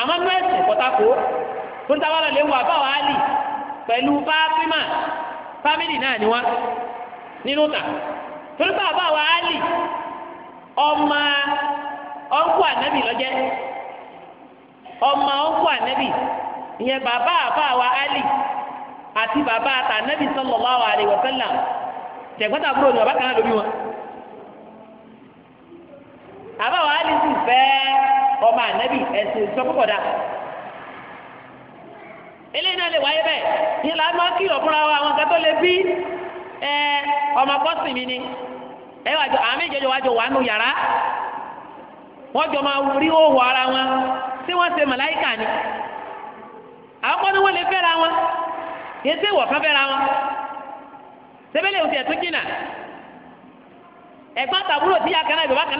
àmọ́ nọ́ọ̀sì kọ́tà torí táwọn lọ lè wà bá wàá fámìlì náà ni wọ́n nínú ta torí bàbá ali ọmọ ọ̀nkú ànábì lọ́jẹ́ ọmọ ọ̀nkú ànábì ìyẹn bàbá ali àti bàbá àtànábì sallallahu alaihi wa sallam tẹ̀gbọ́tà búrò ní bàbá kan lórí wọn. ali sì ọmọ eléyìí náà lè wáyé bẹ́ẹ̀ la kí ọ̀fúnra wa àwọn nǹkan tó lè bí ẹ ọmọ pọ́sì mi ni ẹ wà jọ àwọn méjèèjì wà jọ wà nù yàrá wọ́n jọ máa rí òwò ara wọn tí wọn ṣe màláìkà ni àwọn ni ní lè fẹ́ra wọn yẹn ṣe wọ̀ kan fẹ́ra wọn sẹ́bẹ̀lẹ̀ òsì ẹ̀tún jìnnà ẹ̀gbọ́n tàbúrò tíya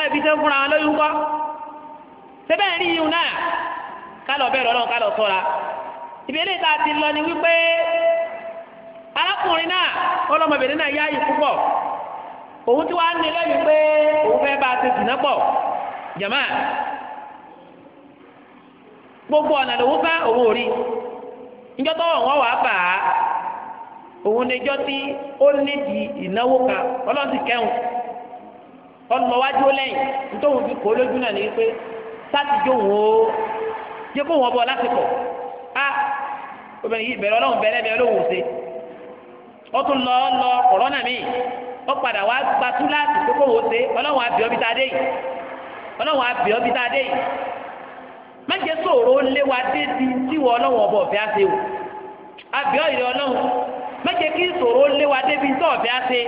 ibi tẹ́ fúnra wọn lóyún kọ́ rí iyùn náà kálọ̀ bẹ́ẹ̀ ìbéèrè tá a ti lọ ni wípé arákùnrin náà ọlọmọbìnrin náà yá yìí púpọ̀ òun ti wá ní lẹ́yìn pé òun fẹ́ bá a ti dùnà pọ̀ gbogbo ọ̀nà lòun ka òun ò rí níjọ́ tọ́wọ́ wọn wàá bà á òun níjọ́ tí ó nídìí ìnáwó kan ọlọ́sìn kẹ́hùn ọlọ́wájú lẹ́yìn nítorí fi kó obìnrin yìí bẹ̀rẹ̀ ọlọ́run bẹ̀rẹ̀ bẹ̀rẹ̀ lówó ṣe ó tún lọ lọ kòrónà míì ó padà wá gba túláàsì pé kò wò ṣe ọlọ́run àbí ọbí tá a dé yìí ọlọ́run àbí ọbí tá a dé yìí má jẹ́ sòro lé wa dé di tíwọ́ ọlọ́run ọbọ̀ ọ̀fẹ́ àṣẹ o àbí ọ̀yẹ́ ọlọ́run má jẹ́ kí ìṣòro lé wa dé bí tọ́ ọ̀fẹ́ àṣẹ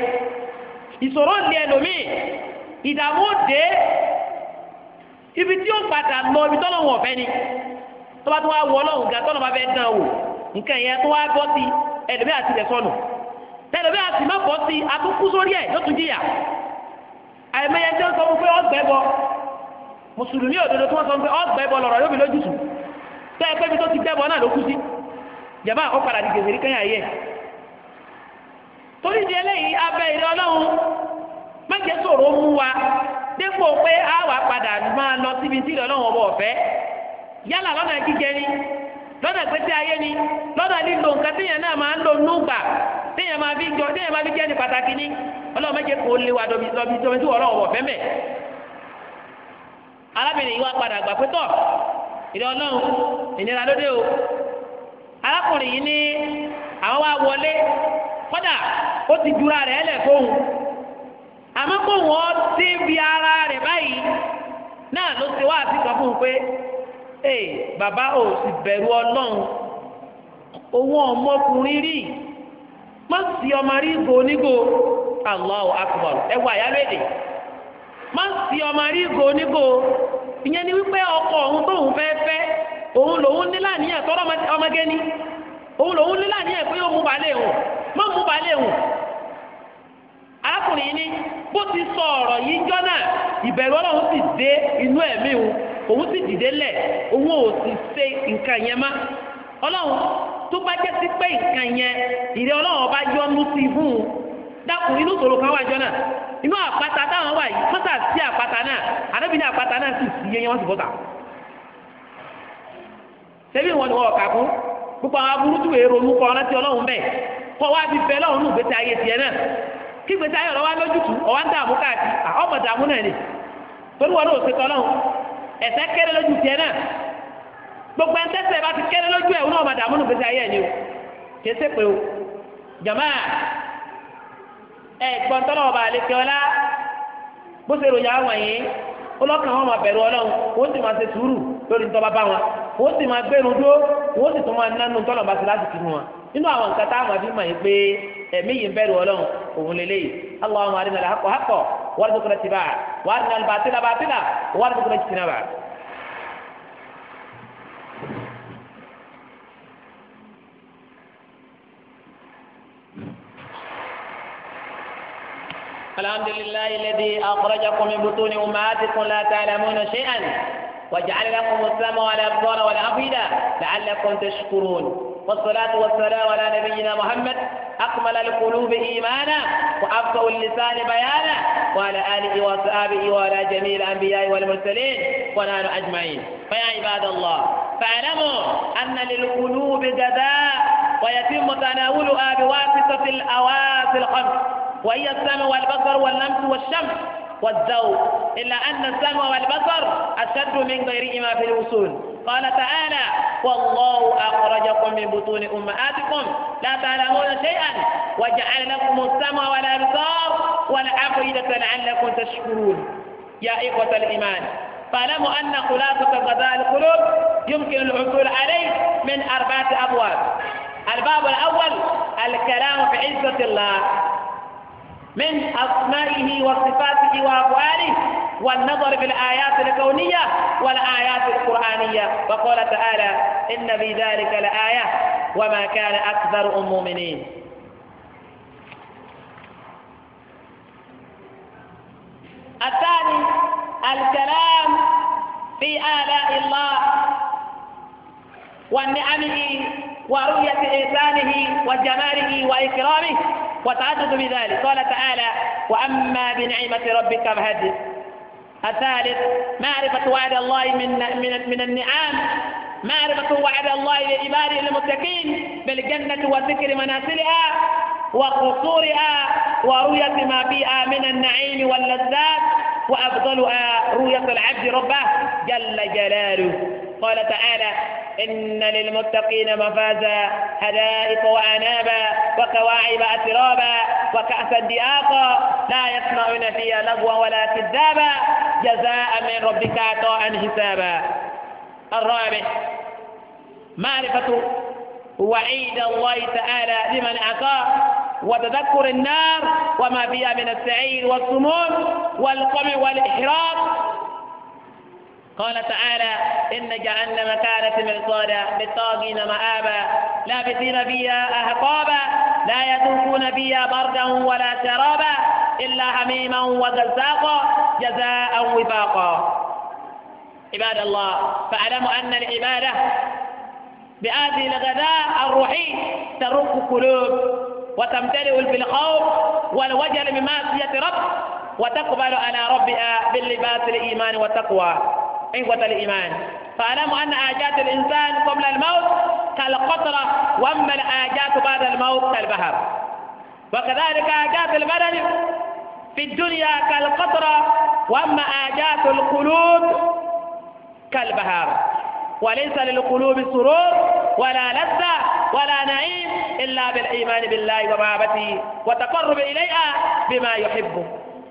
ìṣòro lé ẹlòmíì ìdààmú dé ibi tí ó padà lọ ibi tọ́lọ́run ọ̀fẹ́ ni tọ́ba tó wá wọ ọlọ́run ga tọ́lọ́ba fẹ́ dán wò nǹkan yẹn tó wá bọ́ sí ẹlòmíì àti ilẹ̀ sọnù ẹlòmíì àti má bọ́ sí àtúnkú sórí ẹ̀ yóò tún jìyà àìmọye ẹjẹ ń sọ fún pé ọgbẹ́ bọ mùsùlùmí òdodo tí wọ́n sọ fún pé ọgbẹ́ bọ lọ̀rọ̀ yóò fi lójútùú tó ẹgbẹ́ mi tó ti gbẹ́ bọ náà ló kú sí jàmbá ó padà di gèzèrí kẹ́yìn ayé torí di eléyìí abẹ́ ilé ọlọ́run mẹ́jẹ sọ̀rọ̀ mú wa dépò pé a wà padà máa lọ síbi tí ilé ọlọ́run ọbọ̀ ọ̀fẹ́ yálà lọ́nà jíjẹ ni lọ́dọ̀ gbèsè ayé ni lọ́dọ̀ lílo nǹkan téèyàn náà máa ń lò núgbà téèyàn máa fi jọ téèyàn máa fi jẹ́ ní pàtàkì ní ọlọ́run méje kò lè wà dọ̀bí dọ̀bí dọ̀bí tí ọlọ́run wọ̀ fẹ́mẹ̀. arábìnrin yìí wá padà gbà pé tọ̀ ìdí ọlọ́run ìnira lóde o arákùnrin yìí ní àwọn wá wọlé kọ́dà ó ti jura rẹ̀ ẹlẹ̀ fóun àmọ́ kó wọ́n ti fi ara rẹ̀ báyìí náà ló ti wá àti sọ fún un pé ee baba o si bẹ̀rù ọlọ́run owó ọmọkùnrin rí má sì ọmọ rí ìgò onígò Allahu Akbar ẹwụ wọ Ma má sì ọmọ rí ni wípé ọkọ òun tóun fẹ́ fẹ́ òun lòun nílà níyàn ọmọge ni òun lòun nílà níyàn pé yóò mú balẹ̀ òun sì dìde lẹ̀ òun ò sì ṣe nǹkan yẹn má ọlọ́run tó bá jẹ́ sí pé nǹkan yẹn ìrẹ́ ọlọ́run ọba yọ ọ́nú sí fún un dákun inú ìṣòro kan wà jọ náà inú àpáta táwọn wà yìí mọ́tà sí àpáta náà àpáta náà sì sí yẹn ni kà fún àwọn aburú tí ronú ọlọ́run kọ́ wá fi lọ́run nù gbèsè ayé tiẹ̀ ọmọ Ese kéré lójú tiẹ̀ náà gbogbo ẹ̀ńtẹ́sẹ̀ bá ti kéré lójú ẹ̀ wọn náà màdàmú nù gbèsè ayé o kìí ṣe pé o jàmá ẹ̀ gbọ́n tọ́lọ̀ ọba àlekè ọlá bó ṣe ròyìn àwọn yìí ọlọ́kàn wọn ma bẹ̀rù ọlọ́run ó sì ma ṣe sùúrù lórí ntọ́ba bá wọn ó sì máa gbẹ́nu dúró ó sì tún máa nánú tọ́lọ̀ bá ti láti fi wọn وارزقنا اتباعه وأن الباطل باطلا وارزقنا اجتنابه الحمد لله الذي أخرجكم من بطون أمهاتكم لا تعلمون شيئا وجعل لكم السمع والأبصار والأفئدة لعلكم تشكرون والصلاة والسلام على نبينا محمد أكمل القلوب إيمانا وأبقى اللسان بيانا وعلى آله وصحابه وعلى جميع الأنبياء والمرسلين ونحن أجمعين فيا عباد الله فاعلموا أن للقلوب جزاء ويتم تناولها بواسطة الأواصي الخمس وهي السمع والبصر واللمس والشمس والذوق إلا أن السمع والبصر أشد من غيرهما في الوصول قال تعالى والله أخرجكم من بطون أمهاتكم لا تعلمون شيئا وجعل لكم السمع والأبصار والأفئدة لعلكم تشكرون يا إخوة الإيمان فاعلموا أن خلاصة غذاء القلوب يمكن الحصول عليه من أربعة أبواب الباب الأول الكلام في عزة الله من أسمائه وصفاته وأفعاله والنظر في الآيات الكونية والآيات القرآنية وقال تعالى إن في ذلك لآية وما كان أكثر المؤمنين الثاني الكلام في آلاء الله ونعمه ورؤية إحسانه وجماله وإكرامه وتعدد بذلك قال تعالى وأما بنعمة ربك فهدي الثالث معرفة وعد الله من من من النعم معرفة وعد الله لعباده المتقين بالجنة وذكر منازلها وقصورها ورؤية ما فيها من النعيم واللذات وأفضلها رؤية العبد ربه جل جلاله قال تعالى إن للمتقين مفازا حدائق وأنابا وكواعب أترابا وكأسا دئاقا لا يسمعون فيها لغوا ولا كذابا جزاء من ربك عطاء حسابا الرابع معرفة وعيد الله تعالى لمن أعطاه وتذكر النار وما فيها من السعير والسموم والقمع والإحراق قال تعالى إن جهنم كانت مرصادا للطاغين مآبا بثير بيا أحقابا لا يتوفون بيا بردا ولا شرابا إلا حميما وغساقا جزاء وفاقا عباد الله فاعلموا أن العبادة بهذه الغذاء الروحي ترق قلوب وتمتلئ بالخوف والوجل من معصية رب وتقبل على ربها باللباس الإيمان والتقوى إخوة الإيمان فاعلموا أن آجات الإنسان قبل الموت كالقطرة وأما الآجات بعد الموت كالبحر وكذلك آجات البدن في الدنيا كالقطرة وأما آجات القلوب كالبهار وليس للقلوب سرور ولا لذة ولا نعيم إلا بالإيمان بالله ومحبته وتقرب إليها بما يحبه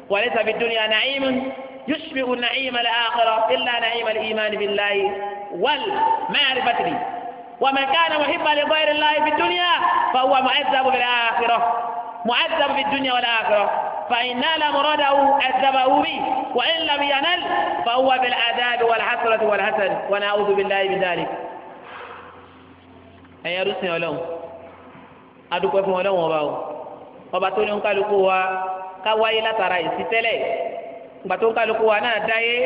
وليس في الدنيا نعيم يشبه نعيم الآخرة إلا نعيم الإيمان بالله والمعرفة به ومن كان محبا لغير الله في الدنيا فهو معذب في الآخرة معذب في الدنيا والآخرة فإن نال مراده عذبه به وإن لم ينل فهو بالعذاب والحسرة والحسن ونعوذ بالله من ذلك أي رسل ọlọ́run أدوك fún ọlọ́run وباو وباتوني ọba tó ní ń gbàtó nkálukú wa náà dáyé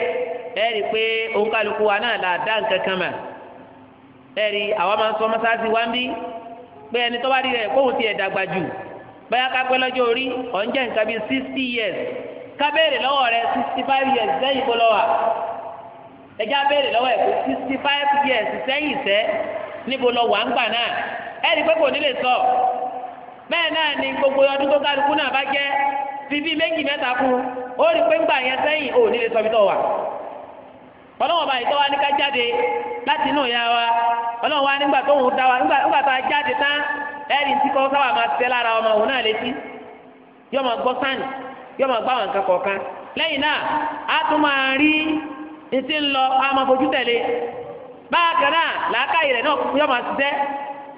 ẹ̀rí pé nkálukú wa náà là dá nǹkan kan mà ẹ̀rí àwa máa ń sọ mọ́sáàsì wá ń bí pé ẹni tó bá rí rẹ̀ kóhùn tiẹ̀ dàgbà jù báyà kápẹ́ lọ́jọ́ orí ọ̀n jẹ́ nǹkan bíi sixty years kábẹ́ẹ̀rẹ̀ lọ́wọ́ rẹ̀ sixty five years sẹ́yìn bó lọ́wọ́ ẹjẹ́ abẹ́ẹ̀rẹ̀ lọ́wọ́ ẹ̀ pé sixty five years sẹ́yìn sẹ́ níbo lọ wà ń gbà náà ẹ̀rí pé kò ní lè sọ bẹ́ẹ̀ náà ni gbogbo ọdún tó kálukú náà bá jẹ́ fi bíi méjì mẹ́ta kún ó rí pé ńgbà yẹn sẹ́yìn ò ní lè sọ bí tọ́ wà ọlọ́wọ́n bá ìtọ́wá ní ká jáde láti inú ìyá wa ọlọ́wọ́n wa nígbà tó ń da wa nígbà tó a jáde tán ẹ̀rìn tí kọ́ sábà máa tẹ́ lára ọmọ òun náà létí yọ máa gbọ́ sáànì yọ máa gbọ́ àwọn nǹkan kọ̀ọ̀kan lẹ́yìn náà a tún máa rí etí ń lọ a máa fojú tẹ̀lé bákan náà làákàyè rẹ̀ náà yọ máa ṣiṣẹ́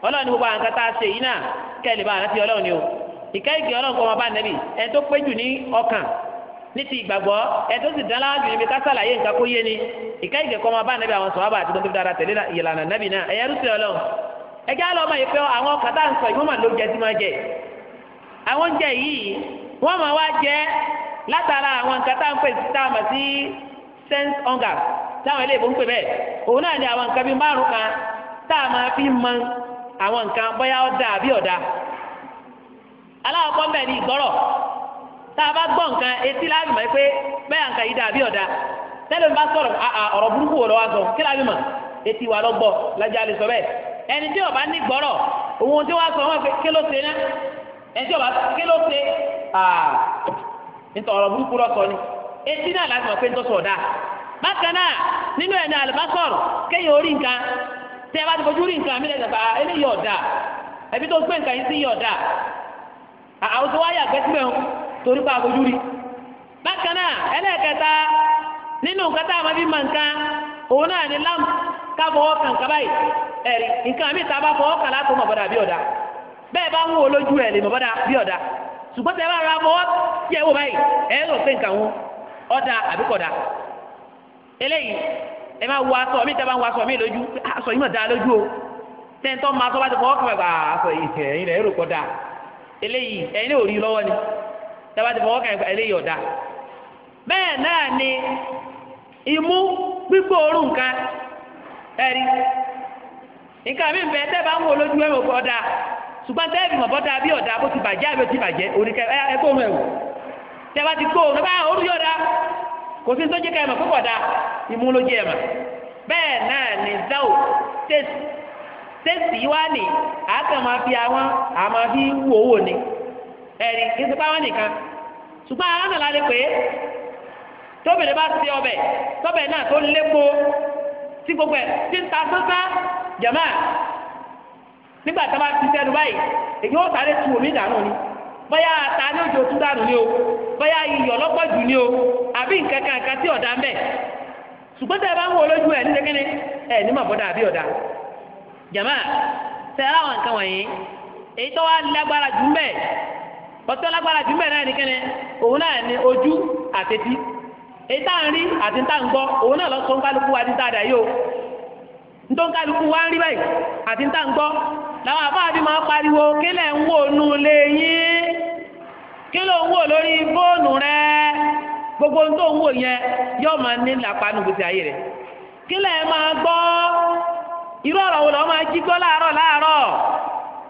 ọlọ́run ní tá a ṣe yìí náà kẹ́lẹ́ bá àrántí ọlọ́run ni ìkẹ́ ìgbẹ́ ọlọ́run kọ́ wọn bá nẹ́bì tó péjù ní ọkàn ní ti ìgbàgbọ́ ẹ tó sì dán láwájú níbi ká sàlàyé nǹkan kó yé ni ìkẹ́ kọ́ wọn bá àwọn sọ̀rọ̀ àti gbọ́dọ̀ dára tẹ̀lé ìlànà nẹ́bì náà rúṣẹ́ yìí pé àwọn ń sọ ìwọ́n ló jẹ sí sí hunger ni aláwọ̀kọ́ bẹ̀ ni ìgbọ́rọ̀ tá a bá gbọ́ nǹkan etí láàbì mọ̀ pé bẹ́ẹ̀ nǹkan yìí dàbí ọ̀dà tẹ́lẹ̀ mi bá sọ̀rọ̀ ọ̀rọ̀ burúkú wò lọ́wọ́ sọ kí láàbì mọ̀ etí wa lọ́gbọ́ lájà lè sọ bẹ́ẹ̀ ẹni tí o bá ní gbọ́rọ̀ òun tí wàá sọ wọn pé kí ló ṣe ná ẹni tí ó bá kí ló ṣe nítorí ọ̀rọ̀ burúkú lọ́sọ ni etí náà láti mọ̀ pé nítorí ọ̀dà bákan náà nínú ẹ̀ ní àlùbásọ̀rọ̀ àwọn tó wáyà gbẹ́símẹ̀ ń torí pa àbójú rí. bákan náà ẹlẹ́ẹ̀kẹta nínú nǹkan tá a ni lamp ká fọwọ́ kàn kaba yìí ẹ̀rí nǹkan mi ta bá fọwọ́ kàn látò mọ̀ bọ́dà bí ọ̀dà bẹ́ẹ̀ bá ń wo lójú ẹ̀ lè mọ̀ bọ́dà bí ọ̀dà ṣùgbọ́n bá ra fọwọ́ yẹ̀ wò báyìí ẹ̀ lọ pé nǹkan wọn ọ̀dà àbíkọ̀dà eléyìí ẹ máa wọ aṣọ mi bá ń wọ mi lójú aṣọ yìí mọ̀ dáa eléyìí ẹ̀yin ní òrí lọ́wọ́ ni tẹ́wá ti fọwọ́ kàn eléyìí ọ̀dà bẹ́ẹ̀ náà ni imú gbígbóòórù nǹkan ẹ̀rí nǹkan mi bẹ́ẹ̀ tẹ́ bá ń wo lójú ẹ̀rọ ọ̀dà ṣùgbọ́n tẹ́ ẹ̀bì mọ̀bọ́dà bí ọ̀dà bó ti bàjẹ́ àbí ó ti bàjẹ́ oníkẹ́ ẹ̀kọ́ òun ẹ̀wò tẹ́wá ti gbó òun báyà òun yọ̀dà kò sí tó jẹ́ ká ẹ̀mọ̀ púpọ̀ dà imú ló jẹ́ ẹ̀mọ̀ bẹ́ẹ̀ náà ni záò tẹ́sí tẹ́sì yìí wá ní àákàn máa fi àwọn àmọ́ fi wú owó ni ẹ̀rí kí n ti pa nìkan ṣùgbọ́n àwọn nàlá ni pé tóbìnrin bá ṣe ọbẹ̀ tọ́bẹ̀ náà tó lépo tí gbogbo ẹ̀ ń ta sọ́sá nígbà tí a bá ti sẹ́nu báyìí èyí ó sáré tu omi dànù ni bóyá ta ní ojú otu dànù ni o bóyá iyọ̀ lọ́pọ̀ jù ni o àbí nǹkan kan kan ti ọ̀dà ń bẹ̀ ṣùgbọ́n tẹ́ ẹ bá ń ẹ̀ jama sẹ́ra àwọn nǹkan wọ̀nyí èyí tó wá lágbára jù mbẹ́ ọtọ́ lágbára jù mbẹ́ náà nìkẹ́ni òun náà ní ojú èyí tá à ń rí àti tá à ń òun náà lọ sọ nkálukú wa ti tá a dà yìí ntọ́ nkálukú wa ń rí báyìí àti tá à ń gbọ́ làwọn àfáàbí máa pariwo kílẹ̀ ń wò nù gbogbo ń wò yẹn máa ní làpá ayé irú ọ̀rọ̀ wo lọ́ọ́ máa jí gbọ́ láàárọ̀ láàárọ̀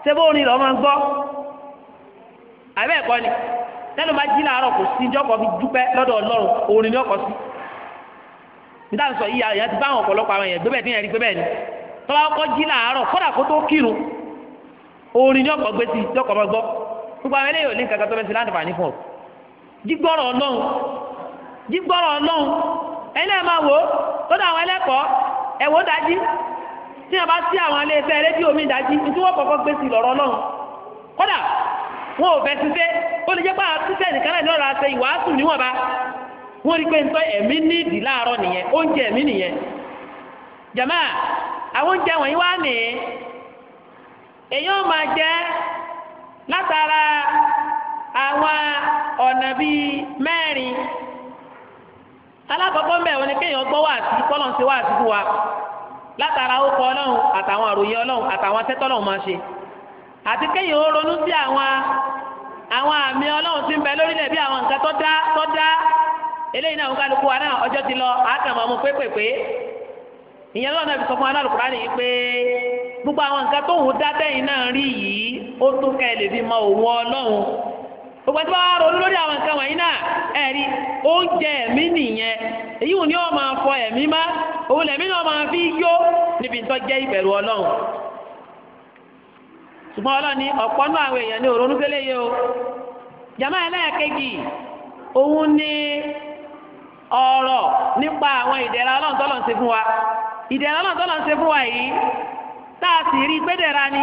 ṣé bó orin lọ́ọ́ máa gbọ́ ni lẹ́nu máa jí láàárọ̀ kò sí fi dúpẹ́ lọ́dọ̀ ọlọ́run ni ọkọ̀ sí níta sọ yìí àyà ti bá àwọn ọ̀pọ̀lọpọ̀ àwọn èèyàn gbébẹ̀ tí yẹn rí ni tọ́lá ọkọ̀ jí láàárọ̀ kódà kó tó kírun orin ni ọkọ̀ gbé sí ìjọ́ máa gbọ́ gbogbo àwọn eléyìí ò ní kankan tó fẹ́ sí láǹfààní fún ọ jígbọ́rọ̀ ọlọ́run jígbọ́rọ̀ ọlọ́run tí wọn bá sí àwọn ilé iṣẹ́ rédíò omi dájú nítorí wọn kọ́kọ́ gbé sí lọ́rọ̀ náà kódà wọn ò fẹ́ ṣiṣẹ́ ó lè jẹ́ pé àwọn ṣiṣẹ́ nìkan náà ní ọ̀rọ̀ àṣẹ ìwàásù níwọ̀nba wọn rí pé nítorí ẹ̀mí ní ìdí láàárọ̀ nìyẹn oúnjẹ ẹ̀mí nìyẹn jàmá àwọn oúnjẹ wọ̀nyí wá èyàn máa jẹ látara àwọn ọ̀nà bíi mẹ́rin alákọ̀ọ́kọ́ mẹ́rin ni kéèyàn gbọ́ látara ó kọ ọlọ́run àtàwọn àròyìn ọlọ́run àtàwọn tẹ́tọ́ ọlọ́run máa ṣe àti kéèyàn ó ronú sí àwọn àmì ọlọ́run ti ń bẹ lórílẹ̀ bí àwọn nǹkan tó dá tó dá eléyìí náà kálukú wa náà ọjọ́ ti lọ àtàwọn ọmọ pépèpé ìyẹn lọ́nà fún aláàlú pé gbogbo àwọn nǹkan tó dá tẹ́yìn rí yìí ó òun lẹ̀mí náà máa fi yó níbi tó jẹ́ ìbẹ̀rù ọlọ́run ṣùgbọ́n ọlọ́run ní ọ̀pọ̀ náà àwọn èèyàn ní òrónú tẹ́lẹ̀ yìí o jama ẹlẹ́ẹ̀kejì òun ní ọ̀rọ̀ nípa àwọn ìdẹ̀ra ọlọ́run tọ́lọ̀ ń ṣe fún wa ìdẹ̀ra ọlọ́run tọ́lọ̀ ń ṣe fún wa yìí tá a sì rí gbẹ́dẹ̀ra ni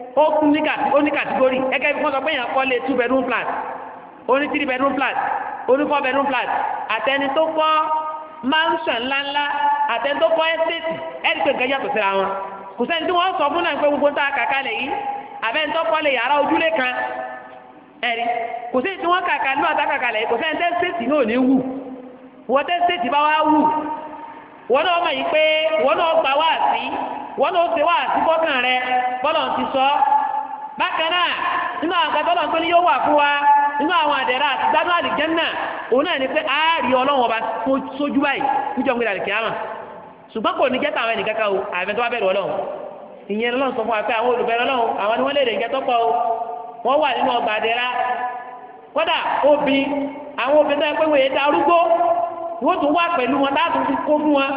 ó kún ní kàtígórì ẹgẹ́ bí wọ́n sọ pé èèyàn kọ́ lé two bedroom flat oní three bedroom flat oní four bedroom flat àtẹni tó kọ́ mansion ńláńlá àtẹni tó kọ́ estate ẹ̀rí pé nǹkan yàtọ̀ síra wọn kò sẹ́ni tí wọ́n sọ fún náà pé gbogbo tá a kà kalẹ̀ yìí àbẹ́ni tó kọ́ lé yàrá ojúlé kan ẹ̀rí kò sẹ́ni tí wọ́n kà kalẹ̀ náà tá a kà kalẹ̀ kò sẹ́ni tẹ́ estate náà ní wù wọ́n tẹ́ estate bá wá wù wọ́n náà mọ̀ yìí pé wọ́n náà gbà wá sí wọn ló ṣe wá àtibọ́kàn rẹ bọ́lọ̀ ti sọ bákan náà nínú àwọn kan tọ́lọ̀ ń pè ní yóò wà fún wa nínú àwọn àdẹ̀rà àti gbádùn àlìjẹ́nà òun náà ni pé a rí ọlọ́run ọba sójú báyìí níjọ́ gbé àlìkè àmà ṣùgbọ́n kò ní jẹ́ tàwọn ẹnì kankan o àbẹ̀ tó bá bẹ̀rù ọlọ́run ìyẹn lọ́run sọ fún wa pé àwọn olùbẹ̀rẹ̀ ọlọ́run àwọn ni wọ́n lè rè ń jẹ́ tọ́pọ̀ o wọ́n wà nínú ọgbà àdẹ̀rà kódà obìnrin àwọn obìnrin náà pé wòye da arúgbó wọ́n tún wà pẹ̀lú wọn láti kó fún wọn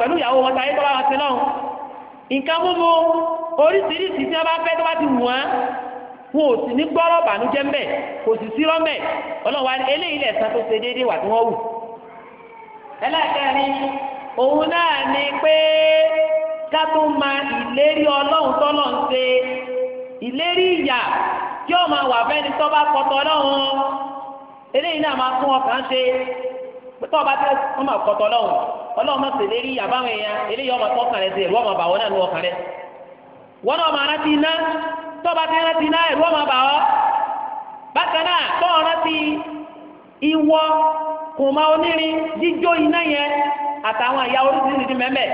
pẹ̀lú ìyàwó wọn táyé tọ́lá wọn sí lọ́run nǹkan gbogbo oríṣiríṣi tí wọ́n bá fẹ́ tó bá ti wù wọ́n wọn ò sì ní gbọ́rọ̀ bànújẹ́ ńbẹ̀ kò sì sí rọ́mbẹ̀ ọlọ́wà eléyìí lẹ̀ sá tó ṣe déédéé wà tí wọ́n wù. ẹlẹ́kẹ̀rin òun náà ni pé ká tó máa ìlérí ọlọ́run tọ́lọ̀ ń ṣe ìlérí ìyà kí ó máa wà fẹ́ni tó bá ọlọ́run eléyìí náà máa fún ọkàn ṣe pẹ̀tọ́ ọba tẹ wọ́n máa kọ́tọ́ lọ́hùn ọlọ́run máa ṣèlè rí àbáwọn èèyàn eléyìí ọmọ tó kàn rẹ sí ẹ̀rú ọmọ bà wọ́n náà ló ọkàn rẹ wọ́n náà máa rántí iná tó ọba tẹ rántí iná ẹ̀rú ọmọ bà ọ́ bákan náà tó ọ rántí ìwọ kùmà onírin jíjó iná yẹn àtàwọn ìyá oríṣiríṣi mẹ́mẹ́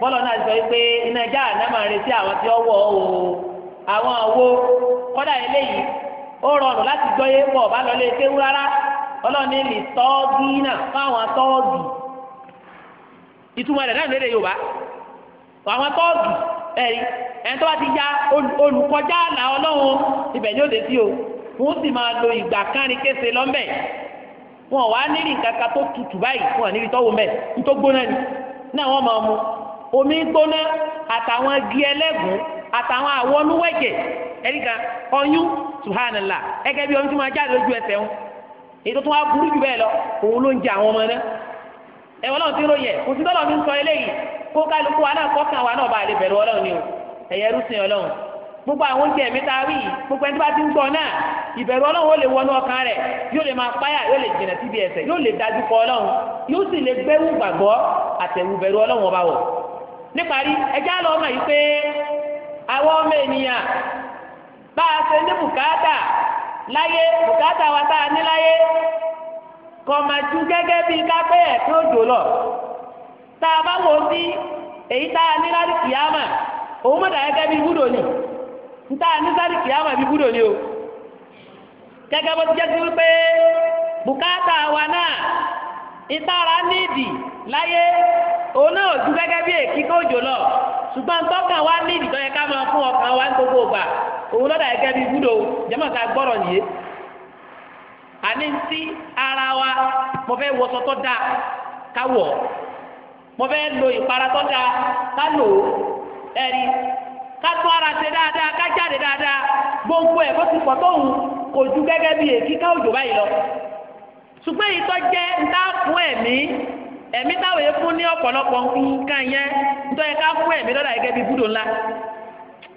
bọ́lọ̀ náà sọ pé iná ìjà àná máa retí àwọn tí ó wọ̀ o àwọn àwo kọ́dà eléyìí ó rọrùn láti gbọ́ yé pọ̀ bá lọ lé kéwú ọlọ́ọ̀ni lè tọ́ọ̀gì náà fáwọn tọ́ọ̀gì ìtumọ̀ rẹ̀ náà lédè yorùbá àwọn tọ́ọ̀gì ẹ̀rí ẹni tó bá ti ya olùkọjá àlà ọlọ́run ibẹ̀ ni ó dé sí o wọ́n sì máa lo ìgbà kánrin kése lọ́mbẹ̀ wọn wàá nírì kankan tó tutù báyìí wọn nírì tọ́wọ́ mẹ́ nítorí gbóná ni náà wọ́n máa mu omi gbóná àtàwọn igi ẹlẹ́gùn àtàwọn àwọn olúwẹ̀jẹ̀ ẹ̀ríkà ọyún subhanallah ẹgẹ́ bí omi tí wọ́n jáde lójú ẹsẹ̀ wọn èyí tó tún wá burú jù bẹ́ẹ̀ lọ òun ló ń jẹ àwọn ọmọ náà ẹ̀wọ̀n náà ti ròyìn kò sí tọ́lọ̀ mi ń sọ eléyìí kó kálukú wa náà kọ́kàn wa náà bá lè bẹ̀rù ọlọ́run ni o ẹ̀yẹ rúsìn ọlọ́run gbogbo àwọn oúnjẹ mi ta rí gbogbo ẹni tó bá ti ń gbọ́ náà ìbẹ̀rù ọlọ́run ó lè wọnú ọkàn rẹ̀ yóò lè máa páyà yóò lè jìnà síbi ẹ̀ṣẹ̀ yóò lè dájú kọ ọlọ́run yóò sì lè gbẹ́wù gbàgbọ́ àtẹ̀wù bẹ̀rù ọlọ́run ọba wọ̀ níparí ẹjẹ́ àlọ́ ọmọ yìí pé àwọn ọmọ ènìyàn bá a ṣe ní bùkátà láyé bùkátà wa tá a ní láyé kọ̀mọ̀tú gẹ́gẹ́ bí kápẹ́ ẹ̀kún òjò lọ tá a bá wo sí èyí tá a ní láti kìámà òun mọ̀tà gẹ́gẹ́ bí búdò ni tá a ní láti kìámà bí búdò ni o gẹ́gẹ́ bó ti jẹ́ sí wípé bùkátà wa náà ìtara nídìí láyé òun náà ju gẹ́gẹ́ bí èkí kó òjò lọ ṣùgbọ́n tọ́kàn wa nídìí tó yẹ ká máa fún ọkàn wa ní gbogbo ògbà òun lọ́dà gẹ́gẹ́ bí ibùdó jẹ́mọ̀ ká gbọ́rọ̀ nìyé àní ti ara wa mo fẹ́ wọṣọ tó dáa ká wọ̀ mo fẹ́ lo ìpara tó dáa ká lò ó ẹ̀rí ká tún ara ṣe dáadáa ká jáde dáadáa gbogbo ẹ̀ bó ti pọ̀ tóun kò ju gẹ́gẹ́ bí èkí ká òjò báyìí lọ ṣùgbọ́n èyí tó jẹ́ ńlá fún ẹ̀mí ẹ̀mí táwọn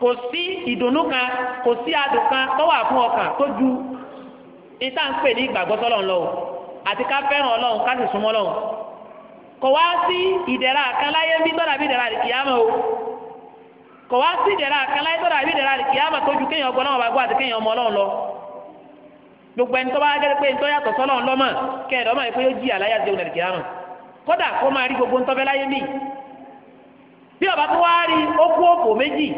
kò sí ìdùnnú kan kò sí adùn kan tó wà fún ọkàn tó ju ìta ń pè ní ìgbàgbọ́ sọ́lọ́run lọ àti ká fẹ́ràn ọlọ́run ká sì súnmọ́ ọlọ́run kò wá sí ìdẹ̀ra kan láyé bí tọ́lá bí ìdẹ̀ra àlìkìyàmọ̀ o kò wá sí ìdẹ̀ra kan láyé tọ́lá bí ìdẹ̀ra àlìkìyàmọ̀ tó ju kéèyàn ọgbọ́n náà bá gbọ́ àti kéèyàn ọmọ ọlọ́run lọ gbogbo ẹni tó bá gẹ́gẹ́ pé nítorí àtọ̀ sọ́lọ́run lọ́mọ̀ kẹ́ẹ̀dọ́ máa ń pé yóò jí àlàyé àti ìdẹ̀rẹ̀ kódà kó máa rí gbogbo ntọ́fẹ́ láyé mí bí ọba tó wá rí ó kú òfò méjì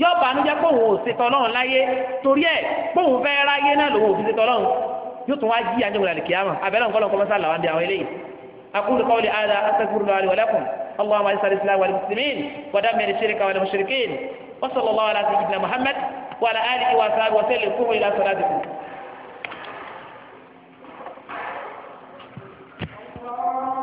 yóò bànújẹ́ pé òun ò ṣe tọ́lọ́run láyé torí ẹ̀ pé òun fẹ́ ráyé náà lòun ò fi ṣe tọ́lọ́run yóò tún wá jí àjẹmọ̀lá lè kíyàmà abẹ́rẹ́ nǹkan lọ́kọ́ mọ́sálà wà ń bí àwọn eléyìí. أقول قولي هذا أستغفر الله لي ولكم اللهم أعز الإسلام والمسلمين ودمر الشرك والمشركين وصلى الله على سيدنا محمد وعلى آله وصحبه وسلم قوموا إلى صلاتكم Thank you.